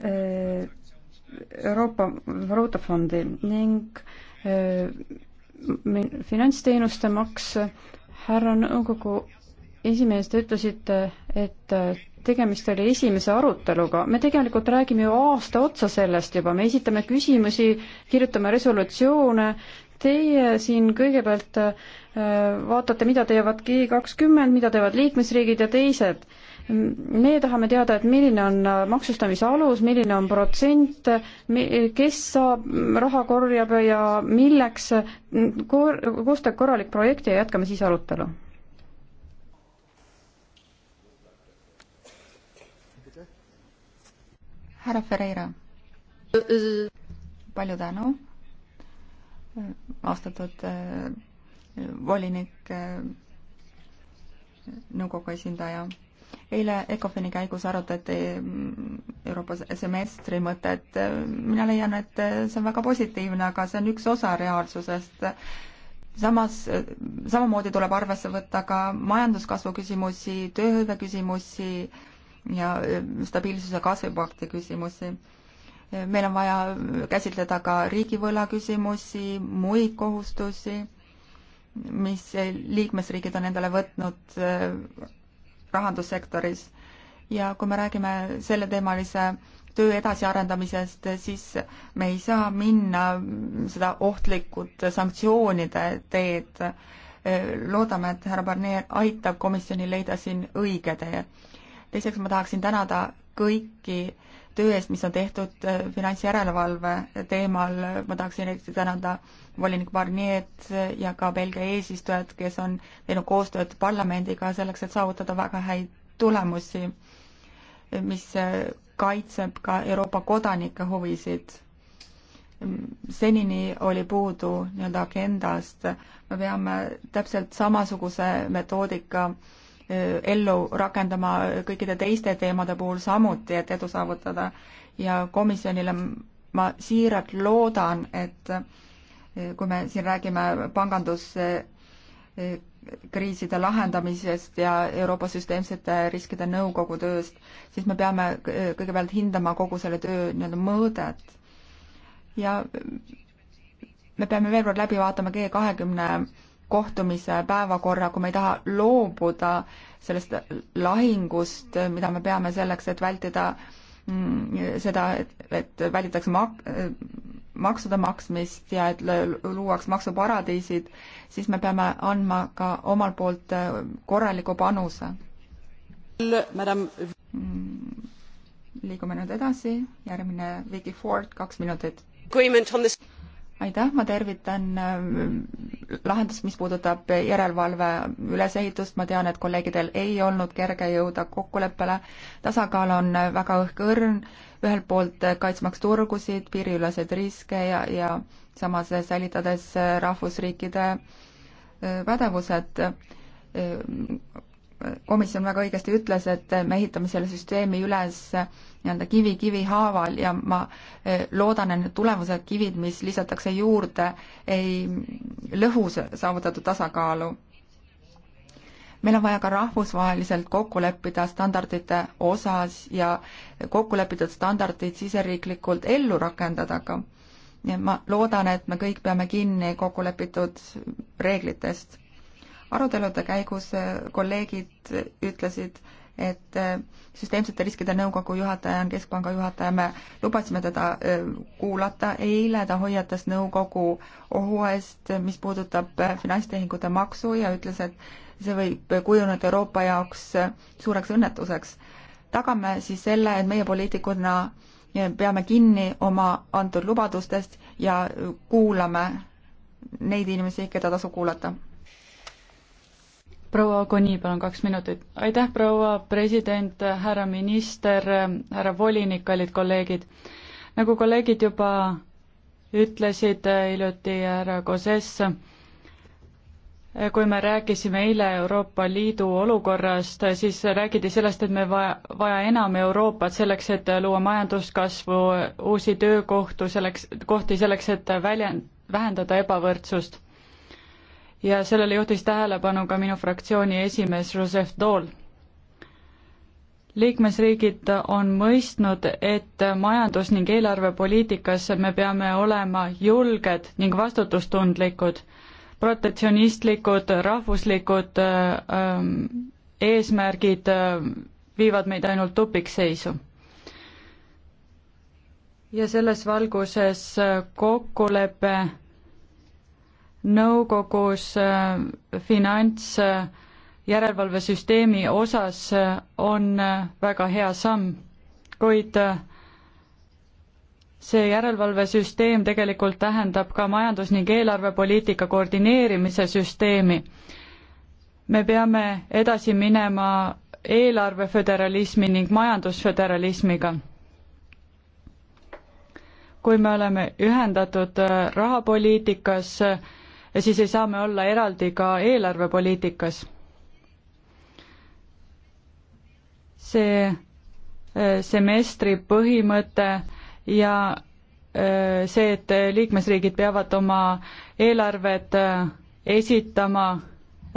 äh, Euroopa Valuutafondi ning äh, finantsteenuste maks, härra nõukogu esimees, te ütlesite, et äh, tegemist oli esimese aruteluga, me tegelikult räägime ju aasta otsa sellest juba, me esitame küsimusi, kirjutame resolutsioone, teie siin kõigepealt vaatate, mida teevad G kakskümmend, mida teevad liikmesriigid ja teised meie tahame teada, et milline on äh, maksustamise alus, milline on protsent, kes saab, mm, raha korjab ja milleks, mm, koostab korralik projekt ja jätkame siis arutelu. härra Ferreira, palju tänu, austatud äh, volinik, äh, nõukogu esindaja eile ECOFIN-i käigus arutati mm, Euroopa semestri mõtet. mina leian, et see on väga positiivne, aga see on üks osa reaalsusest. samas, samamoodi tuleb arvesse võtta ka majanduskasvu küsimusi, tööhõive küsimusi ja e, stabiilsuse kasvupakti küsimusi meil on vaja käsitleda ka riigivõla küsimusi, muid kohustusi, mis liikmesriigid on endale võtnud e, rahandussektoris. ja kui me räägime selleteemalise töö edasiarendamisest, siis me ei saa minna seda ohtlikud sanktsioonide teed. loodame, et härra Barnier aitab komisjonil leida siin õige tee. teiseks ma tahaksin tänada kõiki töö eest, mis on tehtud äh, finantsjärelevalve teemal. ma tahaksin eriti tänada volinik Barniet äh, ja ka Belgia eesistujat, kes on teinud koostööd parlamendiga selleks, et saavutada väga häid tulemusi, mis äh, kaitseb ka Euroopa kodanike huvisid. senini oli puudu nii-öelda agendast, me peame täpselt samasuguse metoodika äh, Äh, ellu rakendama kõikide teiste teemade puhul samuti, et edu saavutada. ja komisjonile ma siiralt loodan, et äh, kui me siin räägime panganduskriiside äh, lahendamisest ja Euroopa süsteemsete riskide nõukogu tööst, siis me peame kõigepealt hindama kogu selle töö nii-öelda mõõdet. ja me peame veel kord läbi vaatama G kahekümne kohtumise päevakorra, kui me ei taha loobuda sellest lahingust, mida me peame selleks, et vältida mm, seda, et, et välditakse mak-, maksude maksmist ja et luuaks maksuparadiisid, siis me peame andma ka omalt poolt äh, korraliku panuse. Mm, liigume nüüd edasi, järgmine Vicky Ford, kaks minutit aitäh, ma tervitan äh, lahendust, mis puudutab järelevalve ülesehitust, ma tean, et kolleegidel ei olnud kerge jõuda kokkuleppele, tasakaal on äh, väga õhkõrn, ühelt poolt äh, kaitsmaks turgusid, piiriüleseid riske ja, ja samas säilitades rahvusriikide pädevused komisjon väga õigesti ütles, et me ehitame selle süsteemi üles nii-öelda kivi kivi haaval ja ma e, loodan, et need tulemused, kivid, mis lisatakse juurde, ei lõhu saavutatud tasakaalu. meil on vaja ka rahvusvaheliselt kokku leppida standardite osas ja kokku lepitud standardid siseriiklikult ellu rakendada ka. nii et ma loodan, et me kõik peame kinni kokku lepitud reeglitest arutelude käigus äh, kolleegid ütlesid, et äh, süsteemsete riskide nõukogu juhataja on Keskpanga juhataja, me lubasime teda äh, kuulata, eile ta hoiatas nõukogu ohu eest, mis puudutab finantstehingute maksu ja ütles, et see võib kujuneda Euroopa jaoks suureks õnnetuseks. tagame siis selle, et meie poliitikuna peame kinni oma antud lubadustest ja kuulame neid inimesi, keda tasub kuulata proua Agoni, palun kaks minutit. aitäh, proua president, härra minister, härra volinik, kallid kolleegid. nagu kolleegid juba ütlesid hiljuti härra Koses, kui me rääkisime eile Euroopa Liidu olukorrast, siis räägiti sellest, et me vaja, vaja enam Euroopat selleks, et luua majanduskasvu, uusi töökohtu selleks, kohti selleks, et väljend-, vähendada ebavõrdsust ja sellele juhtis tähelepanu ka minu fraktsiooni esimees Joseph Dool. liikmesriigid on mõistnud, et majandus- ning eelarvepoliitikas me peame olema julged ning vastutustundlikud. protektsionistlikud, rahvuslikud äh, ähm, eesmärgid äh, viivad meid ainult tupikseisu ja selles valguses äh, kokkulepe nõukogus äh, finantsjärelevalvesüsteemi äh, osas äh, on väga hea samm, kuid see järelevalvesüsteem tegelikult tähendab ka majandus- ning eelarvepoliitika koordineerimise süsteemi. me peame edasi minema eelarveföderalismi ning majandusföderalismiga. kui me oleme ühendatud rahapoliitikas, ja siis ei saa me olla eraldi ka eelarvepoliitikas. see äh, semestri põhimõte ja äh, see, et liikmesriigid peavad oma eelarved äh, esitama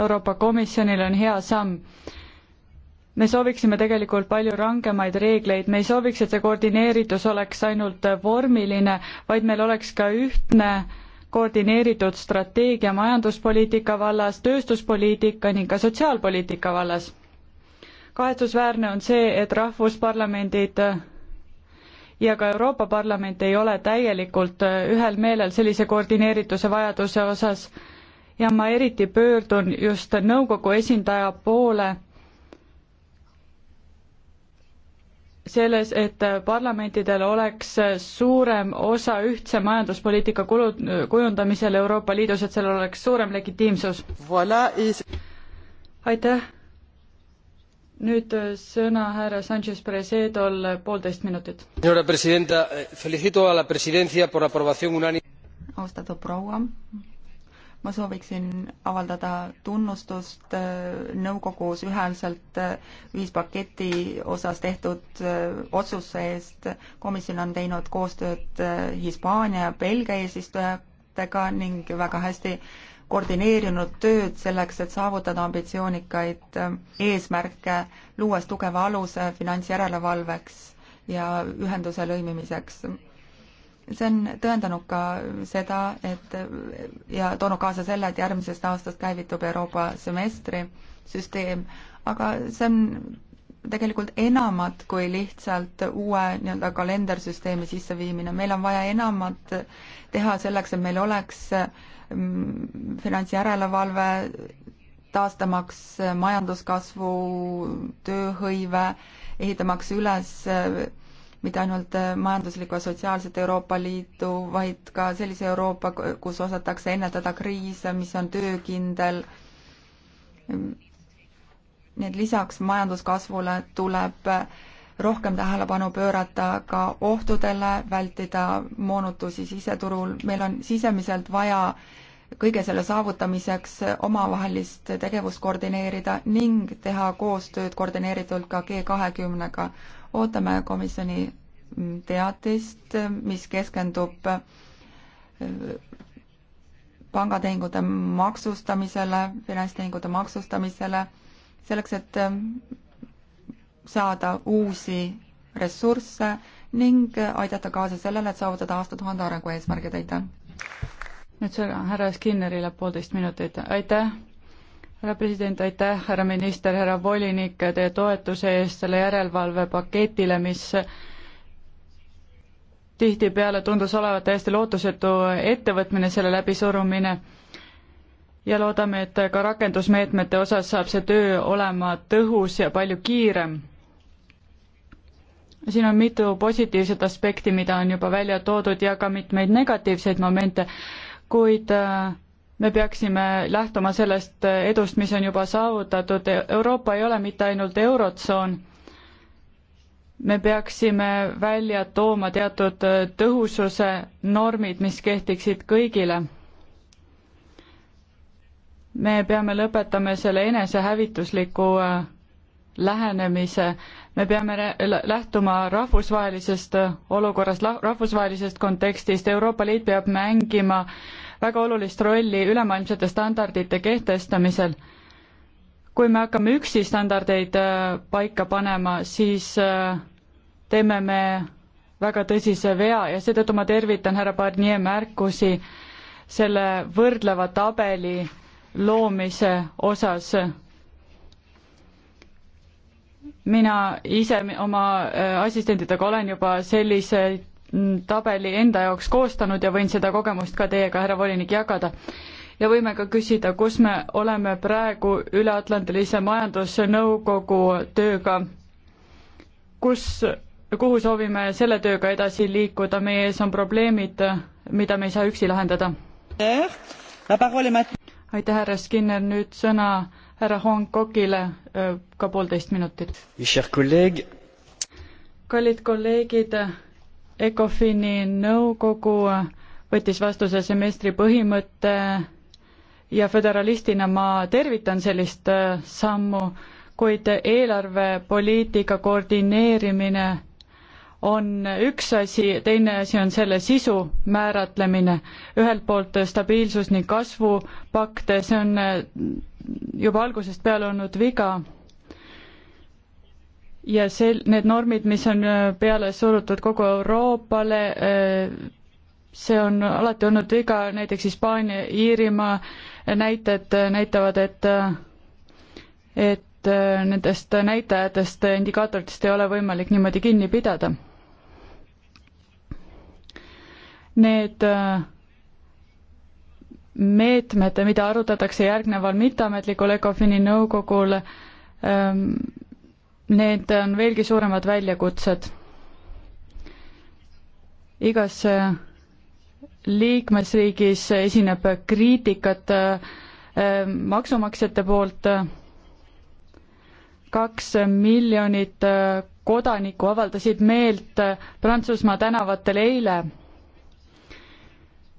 Euroopa Komisjonile, on hea samm. me sooviksime tegelikult palju rangemaid reegleid, me ei sooviks, et see koordineeritus oleks ainult vormiline, vaid meil oleks ka ühtne äh, koordineeritud strateegia majanduspoliitika vallas, tööstuspoliitika ning ka sotsiaalpoliitika vallas. kahetsusväärne on see, et rahvusparlamendid ja ka Euroopa Parlament ei ole täielikult ühel meelel sellise koordineerituse vajaduse osas ja ma eriti pöördun just nõukogu esindaja poole selles, et parlamentidel oleks suurem osa ühtse majanduspoliitika kulu, kujundamisel Euroopa Liidus, et sellel oleks suurem legitiimsus voilà.. aitäh. nüüd sõna härra Sanchez Presedol, poolteist minutit. austatud proua ma sooviksin avaldada tunnustust äh, nõukogus ühehäälselt äh, ühispaketi osas tehtud äh, otsuse eest. komisjon on teinud koostööd Hispaania ja Belgia eesistujatega ning väga hästi koordineerinud tööd selleks, et saavutada ambitsioonikaid eesmärke, luues tugeva aluse finantsjärelevalveks ja ühenduse lõimimiseks see on tõendanud ka seda, et ja toonud kaasa selle, et järgmisest aastast käivitub Euroopa semestri süsteem, aga see on tegelikult enamat kui lihtsalt uue nii-öelda kalendersüsteemi sisseviimine, meil on vaja enamat teha selleks, et meil oleks mm, finantsjärelevalve taastamaks majanduskasvu, tööhõive, ehitamaks üles mitte ainult äh, majanduslikku ja sotsiaalset Euroopa Liitu, vaid ka sellise Euroopa, kus osatakse ennetada kriise, mis on töökindel. nii et lisaks majanduskasvule tuleb äh, rohkem tähelepanu pöörata ka ohtudele, vältida moonutusi siseturul, meil on sisemiselt vaja kõige selle saavutamiseks äh, omavahelist tegevust koordineerida ning teha koostööd koordineeritult ka G kahekümnega ootame komisjoni teatist, mis keskendub eh, pangatehingute maksustamisele, finantstehingute maksustamisele, selleks, et eh, saada uusi ressursse ning aidata kaasa sellele, et saavutada aastatuhande arengu eesmärgid, aitäh! nüüd sõna härra Skinnerile poolteist minutit, aitäh! härra president, aitäh, härra minister, härra volinik, teie toetuse eest selle järelevalvepaketile, mis tihtipeale tundus olevat täiesti lootusetu ettevõtmine, selle läbisurumine, ja loodame, et ka rakendusmeetmete osas saab see töö olema tõhus ja palju kiirem. siin on mitu positiivset aspekti, mida on juba välja toodud, ja ka mitmeid negatiivseid momente, kuid äh, me peaksime lähtuma sellest edust, mis on juba saavutatud, Euroopa ei ole mitte ainult Eurotsoon, me peaksime välja tooma teatud tõhususe normid, mis kehtiksid kõigile. me peame lõpetama selle enesehävitusliku äh, lähenemise, me peame lähtuma rahvusvahelisest äh, olukorrast, rahvusvahelisest kontekstist, Euroopa Liit peab mängima äh, väga olulist rolli ülemaailmsete standardite kehtestamisel. kui me hakkame üksi standardeid äh, paika panema, siis äh, teeme me väga tõsise vea ja seetõttu ma tervitan härra Barnier märkusi selle võrdleva tabeli loomise osas. mina ise oma äh, assistentidega olen juba selliseid tabeli enda jaoks koostanud ja võin seda kogemust ka teiega, härra volinik, jagada. ja võime ka küsida, kus me oleme praegu Üle-Atlandilise Majandusnõukogu tööga, kus, kuhu soovime selle tööga edasi liikuda, meie ees on probleemid, mida me ei saa üksi lahendada. aitäh, härra Skinner, nüüd sõna härra Hongkongile äh, ka poolteist minutit. kallid kolleegid, ECOFIN-i nõukogu võttis vastuse semestri põhimõtte ja föderalistina ma tervitan sellist äh, sammu, kuid eelarvepoliitika koordineerimine on üks asi, teine asi on selle sisu määratlemine. ühelt poolt stabiilsus ning kasvupakt, see on äh, juba algusest peale olnud viga ja see, need normid, mis on äh, peale surutud kogu Euroopale, äh, see on alati olnud viga, näiteks Hispaania, Iirimaa äh, näited näitavad, et et nendest näitajatest, indikaatoritest ei ole võimalik niimoodi kinni pidada. Need meetmed, mida arutatakse järgneval mitteametlikul ECOFIN-i nõukogul, ähm, need on veelgi suuremad väljakutsed. igas äh, liikmesriigis esineb kriitikat äh, maksumaksjate poolt, kaks miljonit äh, kodanikku avaldasid meelt Prantsusmaa tänavatel eile.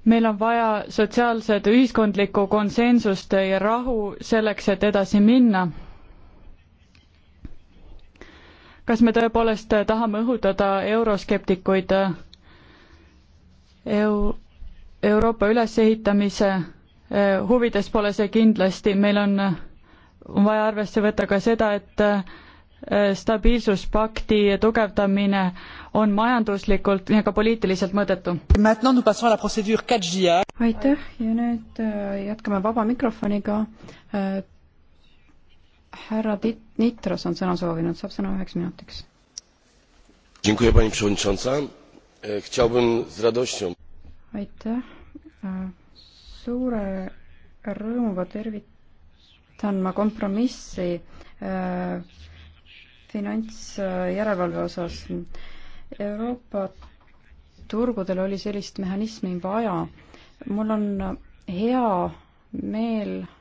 meil on vaja sotsiaalset ühiskondlikku konsensust ja rahu selleks, et edasi minna kas me tõepoolest tahame õhutada euroskeptikuid äh, EU, Euroopa ülesehitamise äh, huvides pole see kindlasti, meil äh, on vaja arvesse võtta ka seda, et stabiilsuspakti tugevdamine on majanduslikult ja ka poliitiliselt mõõdetu. aitäh ja nüüd jätkame vaba mikrofoniga härra Nitros on sõna soovinud, saab sõna üheks minutiks. E, aitäh, e, suure rõõmuga tervitan ma kompromissi äh, finantsjärelevalve osas. Euroopa turgudel oli sellist mehhanismi vaja. mul on hea meel äh,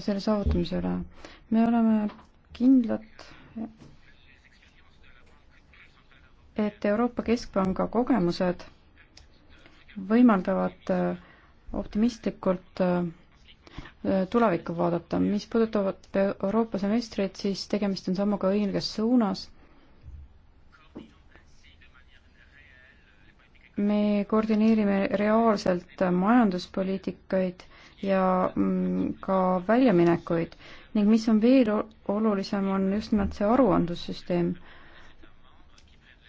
selle saavutamise üle. me oleme kindlad, et Euroopa Keskpanga kogemused võimaldavad äh, optimistlikult äh, tulevikku vaadata. mis puudutavad Euroopa semestrit, siis tegemist on sammuga õiges suunas. me koordineerime reaalselt majanduspoliitikaid ja mm, ka väljaminekuid ning mis on veel olulisem, on just nimelt see aruandlussüsteem.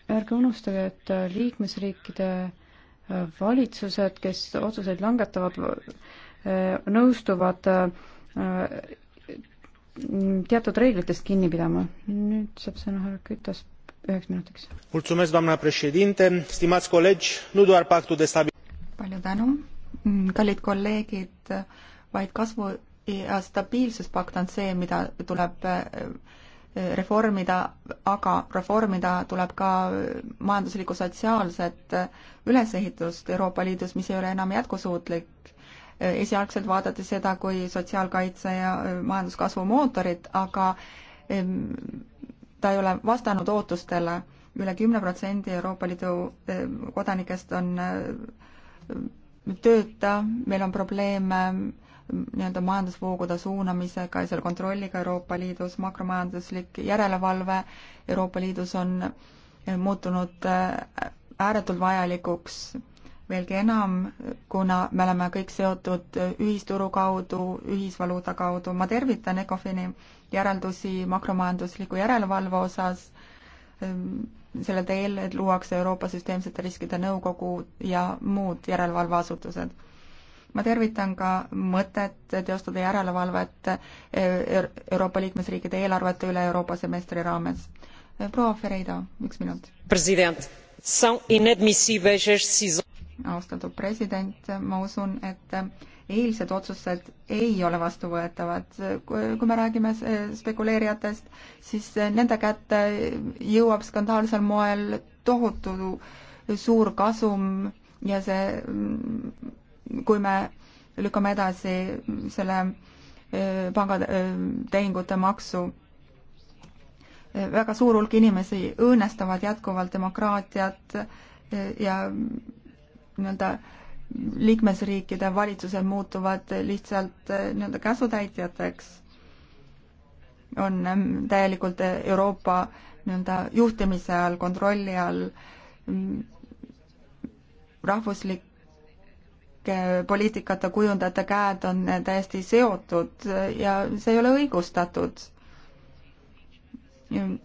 ärge unustage, et äh, liikmesriikide äh, valitsused, kes otsuseid langetavad, äh, nõustuvad teatud reeglitest kinni pidama. nüüd saab sõna härra Kütas üheks minutiks. palju tänu, Mm, kallid kolleegid, vaid kasvu ja stabiilsuspakt on see, mida tuleb äh, reformida, aga reformida tuleb ka majanduslikku sotsiaalset äh, ülesehitust Euroopa Liidus, mis ei ole enam jätkusuutlik. Äh, esialgselt vaadati seda kui sotsiaalkaitse ja majanduskasvu mootorit, aga ähm, ta ei ole vastanud ootustele üle. üle kümne protsendi Euroopa Liidu kodanikest on tööta, meil on probleeme äh, nii-öelda majandusvoogude suunamisega ja selle kontrolliga Euroopa Liidus, makromajanduslik järelevalve Euroopa Liidus on äh, muutunud äh, ääretult vajalikuks veelgi enam, kuna me oleme kõik seotud ühisturu kaudu, ühisvaluuta kaudu, ma tervitan ECOFIN-i järeldusi makromajandusliku järelevalve osas, ähm, sellel teel, et luuakse Euroopa Süsteemsete Riskide Nõukogu ja muud järelevalveasutused. ma tervitan ka mõtet teostada järelevalvet e, e, Euroopa liikmesriikide eelarvete üle Euroopa semestri raames. proua Ferreira, üks minut. president, austatud president, ma usun, et eilsed otsused ei ole vastuvõetavad. kui me räägime spekuleerijatest, siis nende kätte jõuab skandaalsel moel tohutu suur kasum ja see, kui me lükkame edasi selle e, pangatehingute e, maksu e, väga suur hulk inimesi õõnestavad jätkuvalt demokraatiat ja nii-öelda liikmesriikide valitsused muutuvad lihtsalt eh, nii-öelda käsutäitjateks, on ehm, täielikult Euroopa nii-öelda juhtimise all, kontrolli all, mm, rahvuslik poliitikate kujundajate käed on eh, täiesti seotud eh, ja see ei ole õigustatud.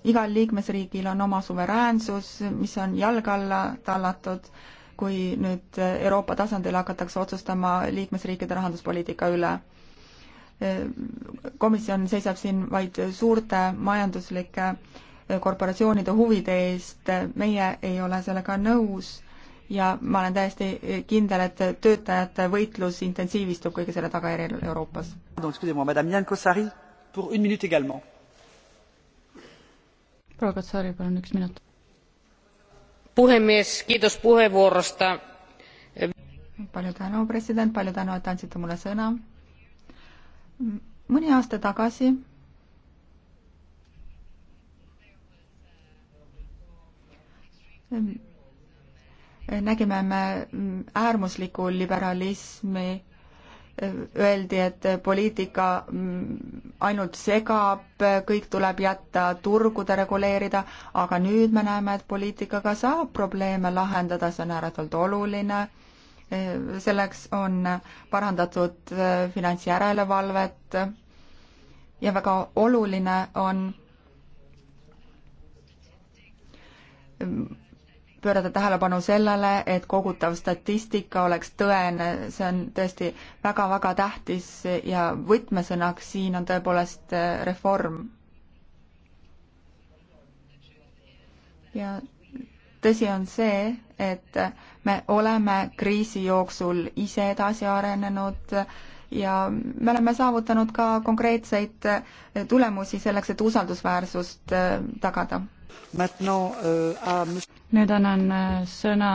igal liikmesriigil on oma suveräänsus, mis on jalge alla tallatud kui nüüd Euroopa tasandil hakatakse otsustama liikmesriikide rahanduspoliitika üle. komisjon seisab siin vaid suurte majanduslike korporatsioonide huvide eest, meie ei ole sellega nõus ja ma olen täiesti kindel, et töötajate võitlus intensiivistub kõige selle tagajärjel Euroopas. proua Katsari, palun üks minut puhemies kiitos puheenvuorosta. palju tänu president palju tänu et andsite mulle sõna. mõni aasta tagasi nägime me äärmuslikku liberalismi öeldi, et poliitika mm, ainult segab, kõik tuleb jätta turgude reguleerida, aga nüüd me näeme, et poliitikaga saab probleeme lahendada, see on ääretult oluline. selleks on parandatud finantsjärelevalvet ja väga oluline on pöörata tähelepanu sellele, et kogutav statistika oleks tõene, see on tõesti väga-väga tähtis ja võtmesõnaks siin on tõepoolest äh, reform. ja tõsi on see, et me oleme kriisi jooksul ise edasi arenenud äh, ja me oleme saavutanud ka konkreetseid eh, tulemusi selleks, et usaldusväärsust eh, tagada. Euh, nüüd annan eh, sõna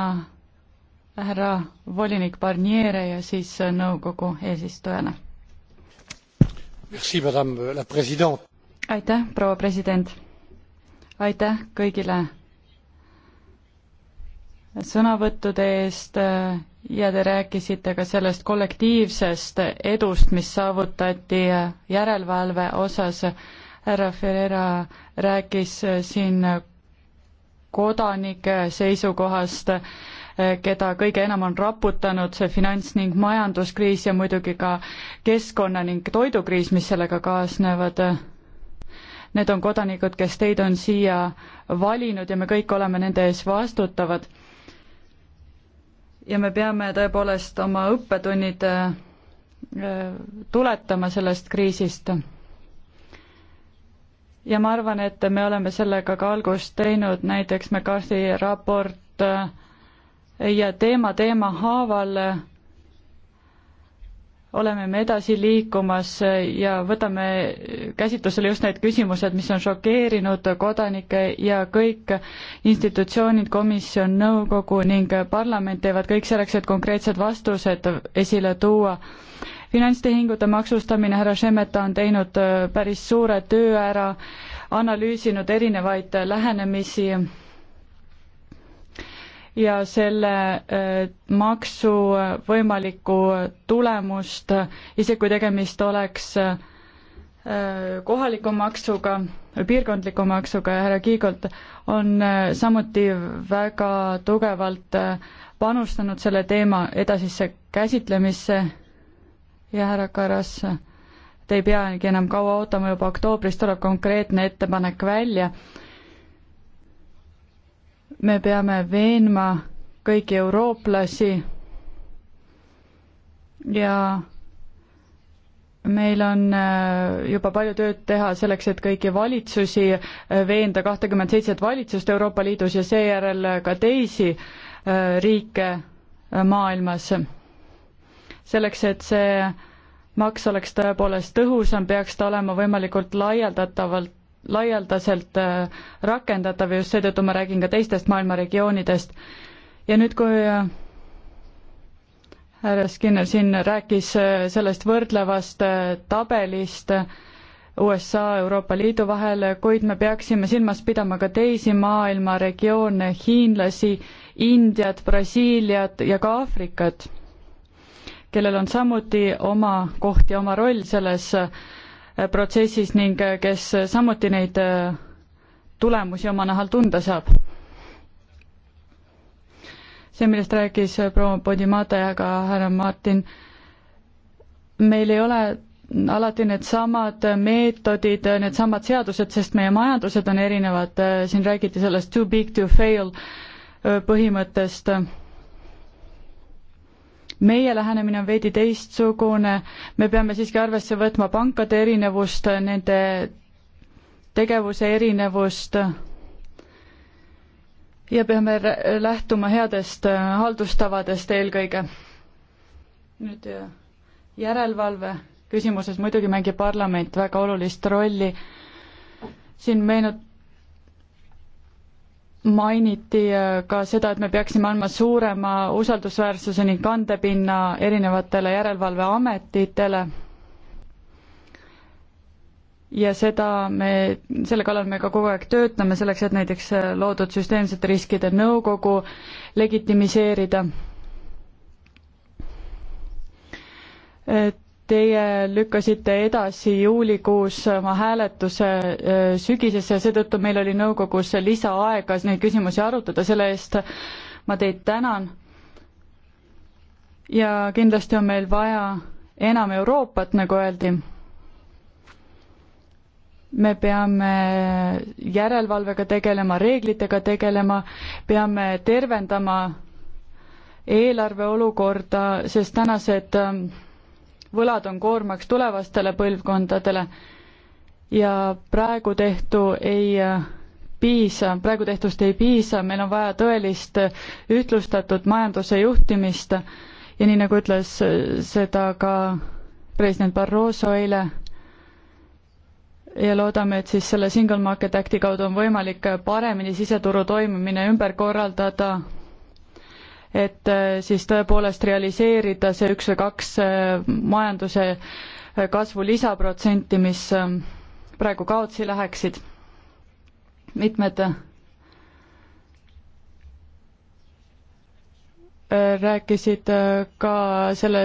härra volinik Barniere ja siis nõukogu eesistujale. aitäh, proua president! aitäh kõigile sõnavõttude eest äh, ja te rääkisite ka sellest kollektiivsest edust, mis saavutati äh, järelevalve osas. härra Ferreira rääkis äh, siin kodanike seisukohast, keda kõige enam on raputanud see finants- ning majanduskriis ja muidugi ka keskkonna- ning toidukriis, mis sellega kaasnevad. Need on kodanikud, kes teid on siia valinud ja me kõik oleme nende ees vastutavad ja me peame tõepoolest oma õppetunnid äh, tuletama sellest kriisist. ja ma arvan, et me oleme sellega ka algust teinud, näiteks McCarthy raport äh, ja teema teema haaval oleme me edasi liikumas ja võtame käsitlusele just need küsimused, mis on šokeerinud kodanikke ja kõik institutsioonid, komisjon, nõukogu ning parlament teevad kõik selleks, et konkreetsed vastused esile tuua. finantstehingute maksustamine, härra Šemeta on teinud päris suure töö ära, analüüsinud erinevaid lähenemisi ja selle äh, maksu võimalikku tulemust, isegi kui tegemist oleks äh, kohaliku maksuga, piirkondliku maksuga ja härra Kiigolt on äh, samuti väga tugevalt panustanud selle teema edasisse käsitlemisse ja härra Karas, te ei peagi enam kaua ootama, juba oktoobris tuleb konkreetne ettepanek välja me peame veenma kõiki eurooplasi ja meil on äh, juba palju tööd teha selleks, et kõiki valitsusi äh, veenda, kahtekümmet seitset valitsust Euroopa Liidus ja seejärel ka teisi äh, riike maailmas. selleks, et see maks oleks tõepoolest tõhusam, peaks ta olema võimalikult laialdatavalt laialdaselt äh, rakendatav ja just seetõttu ma räägin ka teistest maailma regioonidest. ja nüüd, kui äh, härra Skinner siin rääkis äh, sellest võrdlevast tabelist USA, Euroopa Liidu vahel, kuid me peaksime silmas pidama ka teisi maailma regioone, hiinlasi, Indiat, Brasiiliat ja ka Aafrikat, kellel on samuti oma koht ja oma roll selles äh, protsessis ning äh, kes samuti neid äh, tulemusi oma nahal tunda saab. see, millest rääkis äh, proua Podimata ja ka härra Martin, meil ei ole alati needsamad meetodid, needsamad seadused, sest meie majandused on erinevad, siin räägiti sellest too big to fail põhimõttest meie lähenemine on veidi teistsugune, me peame siiski arvesse võtma pankade erinevust, nende tegevuse erinevust ja peame lähtuma headest äh, haldustavadest eelkõige. nüüd äh, järelevalve küsimuses muidugi mängib parlament väga olulist rolli. siin meenut-, mainiti äh, ka seda, et me peaksime andma suurema usaldusväärsuse ning kandepinna erinevatele järelevalveametitele ja seda me, selle kallal me ka kogu aeg töötame, selleks et näiteks äh, loodud süsteemsete riskide nõukogu legitimiseerida. et Teie lükkasite edasi juulikuus oma hääletuse äh, sügisesse ja seetõttu meil oli nõukogus lisaaega neid küsimusi arutada, selle eest ma teid tänan. ja kindlasti on meil vaja enam Euroopat, nagu öeldi. me peame järelevalvega tegelema, reeglitega tegelema, peame tervendama eelarve olukorda, sest tänased ähm, võlad on koormaks tulevastele põlvkondadele ja praegu tehtu ei äh, piisa, praegu tehtust ei piisa, meil on vaja tõelist äh, ühtlustatud majanduse juhtimist ja nii nagu ütles äh, seda ka president Barroso eile ja loodame, et siis selle Single Market Acti kaudu on võimalik paremini siseturu toimimine ümber korraldada, et äh, siis tõepoolest realiseerida see üks või kaks äh, majanduse äh, kasvu lisaprotsenti, mis ähm, praegu kaotsi läheksid. mitmed rääkisid ka selle,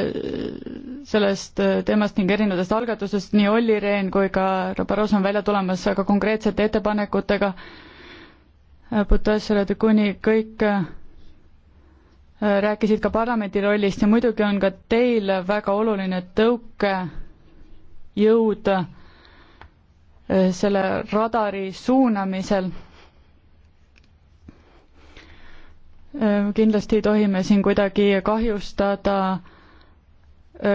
sellest teemast ning erinevatest algatustest, nii Olli Rehn kui ka Barroso on välja tulemas väga konkreetsete ettepanekutega, Butasserad kuni kõik äh, rääkisid ka parlamendi rollist ja muidugi on ka teil väga oluline tõukejõud äh, selle radari suunamisel. Äh, kindlasti ei tohi me siin kuidagi kahjustada äh,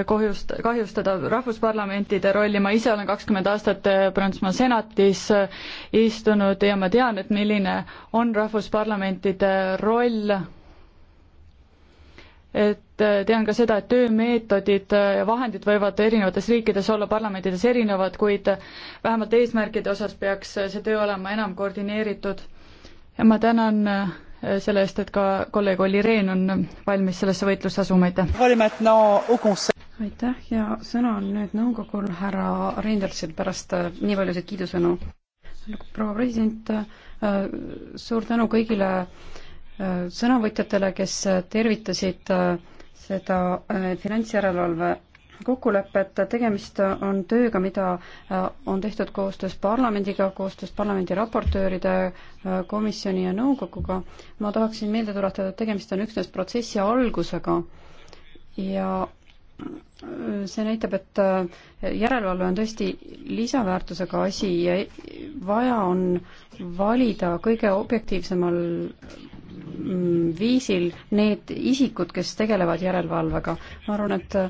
kohjust, kahjustada rahvusparlamentide rolli, ma ise olen kakskümmend aastat Prantsusmaa senatis istunud ja ma tean, et milline on rahvusparlamentide roll et äh, tean ka seda, et töömeetodid äh, ja vahendid võivad erinevates riikides olla parlamentides erinevad, kuid äh, vähemalt eesmärkide osas peaks see töö olema enam koordineeritud. ja ma tänan selle eest, et ka kolleeg Olli Rehn on valmis sellesse võitlusse asuma, aitäh! aitäh ja sõna on nüüd nõukogul härra Reindertsil pärast nii paljusid kiidusõnu. proua president, suur tänu kõigile äh, sõnavõtjatele, kes tervitasid äh, seda äh, finantsjärelevalve kokkulepet, tegemist on tööga, mida äh, on tehtud koostöös parlamendiga, koostöös parlamendi raportööride, komisjoni ja nõukoguga. ma tahaksin meelde tuletada, et tegemist on üksnes protsessi algusega ja see näitab, et järelevalve on tõesti lisaväärtusega asi ja vaja on valida kõige objektiivsemal Mm, viisil need isikud, kes tegelevad järelevalvega. ma arvan, et äh,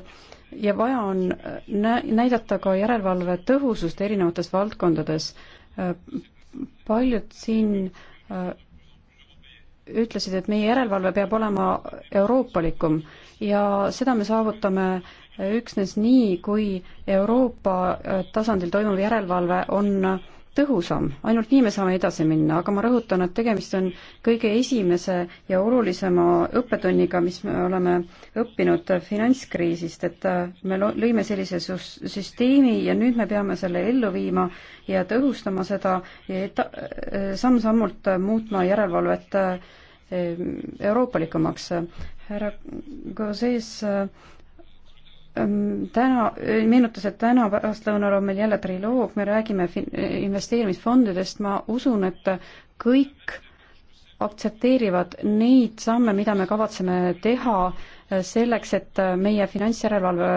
ja vaja on äh, nä-, näidata ka järelevalve tõhusust erinevates valdkondades. Äh, paljud siin ütlesid, et meie järelevalve peab olema euroopalikum ja seda me saavutame üksnes nii, kui Euroopa tasandil toimuv järelevalve on tõhusam, ainult nii me saame edasi minna, aga ma rõhutan, et tegemist on kõige esimese ja olulisema õppetunniga, mis me oleme õppinud finantskriisist, et äh, me lõime sellise süsteemi ja nüüd me peame selle ellu viima ja tõhustama seda ja äh, samm-sammult muutma järelevalvet äh, euroopalikumaks. härra Gozes Ehm, täna, meenutas, et täna pärastlõunal on meil jälle triloog, me räägime investeerimisfondidest, ma usun, et kõik aktsepteerivad neid samme, mida me kavatseme teha eh, selleks, et eh, meie finantsjärelevalve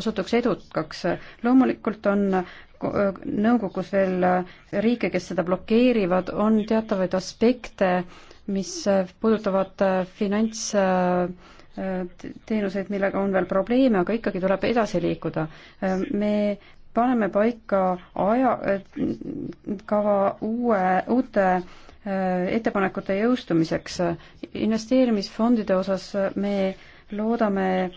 osutuks edukaks. loomulikult on eh, nõukogus veel riike, kes seda blokeerivad, on teatavaid aspekte, mis puudutavad finants äh, teenuseid, millega on veel probleeme, aga ikkagi tuleb edasi liikuda. me paneme paika ajakava uue, uute äh, ettepanekute jõustumiseks. investeerimisfondide osas me loodame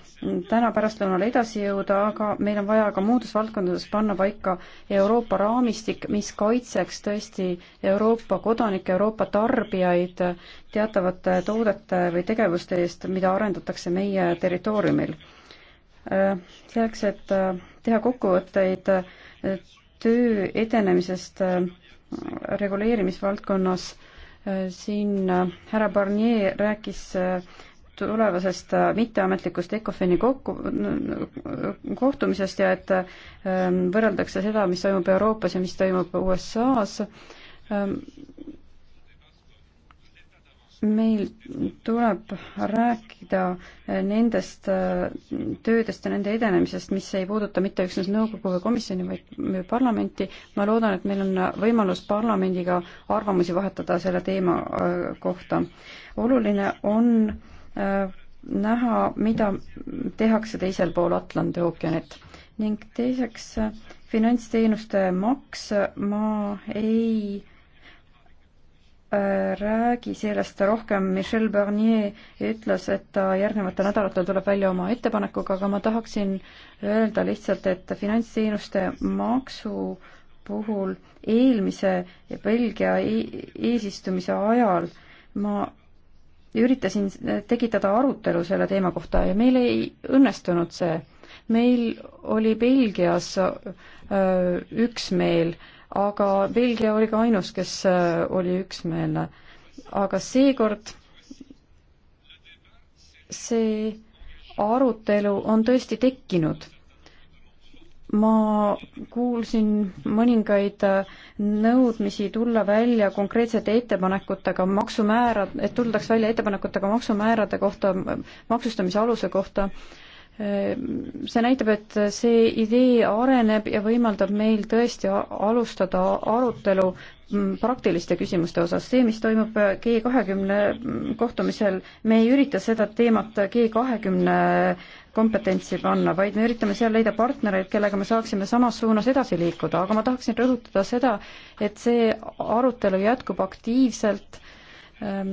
täna pärastlõunal edasi jõuda, aga meil on vaja ka muudes valdkondades panna paika Euroopa raamistik, mis kaitseks tõesti Euroopa kodanikke, Euroopa tarbijaid teatavate toodete või tegevuste eest, mida arendatakse meie territooriumil. selleks, et teha kokkuvõtteid töö edenemisest reguleerimisvaldkonnas, siin härra Barnier rääkis äh, tulevasest äh, mitteametlikust ECOFIN-i kokku, kohtumisest ja et ähm, võrreldakse seda, mis toimub Euroopas ja mis toimub USA-s. Ähm, meil tuleb rääkida äh, nendest äh, töödest ja nende edenemisest, mis ei puuduta mitte üksnes nõukogu või komisjoni, vaid parlamenti. ma loodan, et meil on võimalus parlamendiga arvamusi vahetada selle teema kohta. oluline on äh, Äh, näha, mida tehakse teisel pool Atlandi ookeanit. ning teiseks, finantsteenuste maks, ma ei äh, räägi sellest rohkem, Michel Barnier ütles, et ta järgnevatel nädalatel tuleb välja oma ettepanekuga, aga ma tahaksin öelda lihtsalt, et finantsteenuste maksu puhul eelmise Belgia e-, eesistumise ajal ma ja üritasin tekitada arutelu selle teema kohta ja meil ei õnnestunud see. meil oli Belgias äh, üksmeel, aga Belgia oli ka ainus, kes äh, oli üksmeelne. aga seekord see arutelu on tõesti tekkinud ma kuulsin mõningaid äh, nõudmisi tulla välja konkreetsete ettepanekutega maksumäära, et tuldaks välja ettepanekutega maksumäärade kohta, maksustamise aluse kohta. Äh, see näitab, et see idee areneb ja võimaldab meil tõesti alustada arutelu mm, praktiliste küsimuste osas, see, mis toimub äh, G kahekümne mm, kohtumisel, me ei ürita seda teemat G kahekümne 20 kompetentsi panna, vaid me üritame seal leida partnereid, kellega me saaksime samas suunas edasi liikuda, aga ma tahaksin rõhutada seda, et see arutelu jätkub aktiivselt ähm,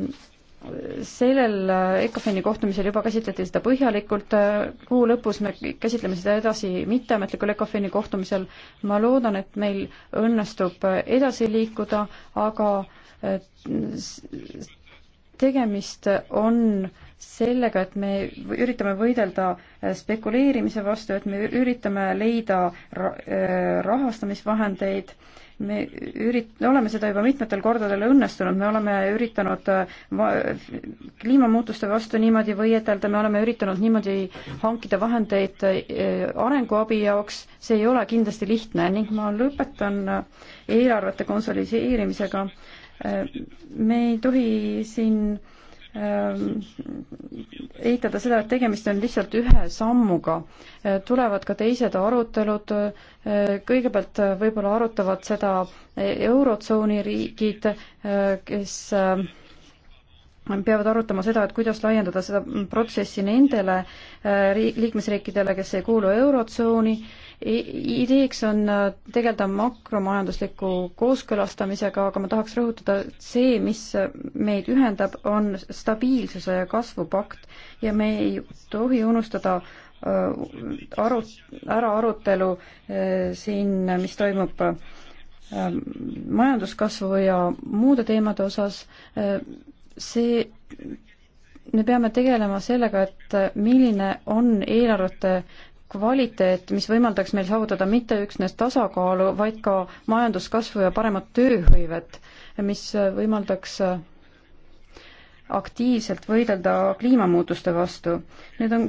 sellel äh, ECOFIN-i kohtumisel juba käsitleti seda põhjalikult, äh, kuu lõpus me käsitleme seda edasi mitteametlikul ECOFIN-i kohtumisel, ma loodan, et meil õnnestub edasi liikuda, aga äh, tegemist on sellega, et me üritame võidelda äh, spekuleerimise vastu, et me üritame leida äh, rahastamisvahendeid, me ürit-, oleme seda juba mitmetel kordadel õnnestunud, me oleme üritanud äh, va-, kliimamuutuste vastu niimoodi võidelda, me oleme üritanud niimoodi hankida vahendeid arenguabi jaoks, see ei ole kindlasti lihtne ning ma lõpetan eelarvete konsolideerimisega äh, me ei tohi siin ähm, eitada seda, et tegemist on lihtsalt ühe sammuga. Äh, tulevad ka teised arutelud, äh, kõigepealt äh, võib-olla arutavad seda Eurotsooni riigid, kes peavad arutama seda, et kuidas laiendada seda protsessi nendele liikmesriikidele, kes ei kuulu Eurotsooni ideeks on äh, tegeleda makromajandusliku kooskõlastamisega, aga ma tahaks rõhutada, et see, mis meid ühendab, on stabiilsuse ja kasvu pakt ja me ei tohi unustada äh, aru, ära arutelu äh, siin, mis toimub majanduskasvu ja muude teemade osas, see, me peame tegelema sellega, et milline on eelarvete kvaliteet, mis võimaldaks meil saavutada mitte üksnes tasakaalu, vaid ka majanduskasvu ja paremat tööhõivet, mis võimaldaks aktiivselt võidelda kliimamuutuste vastu. Need on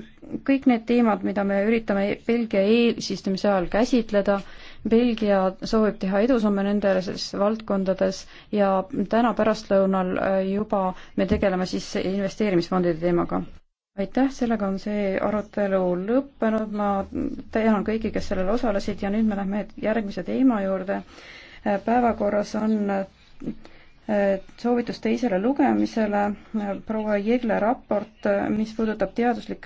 kõik need teemad, mida me üritame Belgia eesistumise ajal käsitleda. Belgia soovib teha edusamme nendes valdkondades ja täna pärastlõunal juba me tegeleme siis investeerimisfondide teemaga aitäh, sellega on see arutelu lõppenud, ma tänan kõiki, kes sellel osalesid ja nüüd me lähme järgmise teema juurde. päevakorras on äh, soovitus teisele lugemisele proua Jegle raport, mis puudutab teaduslikke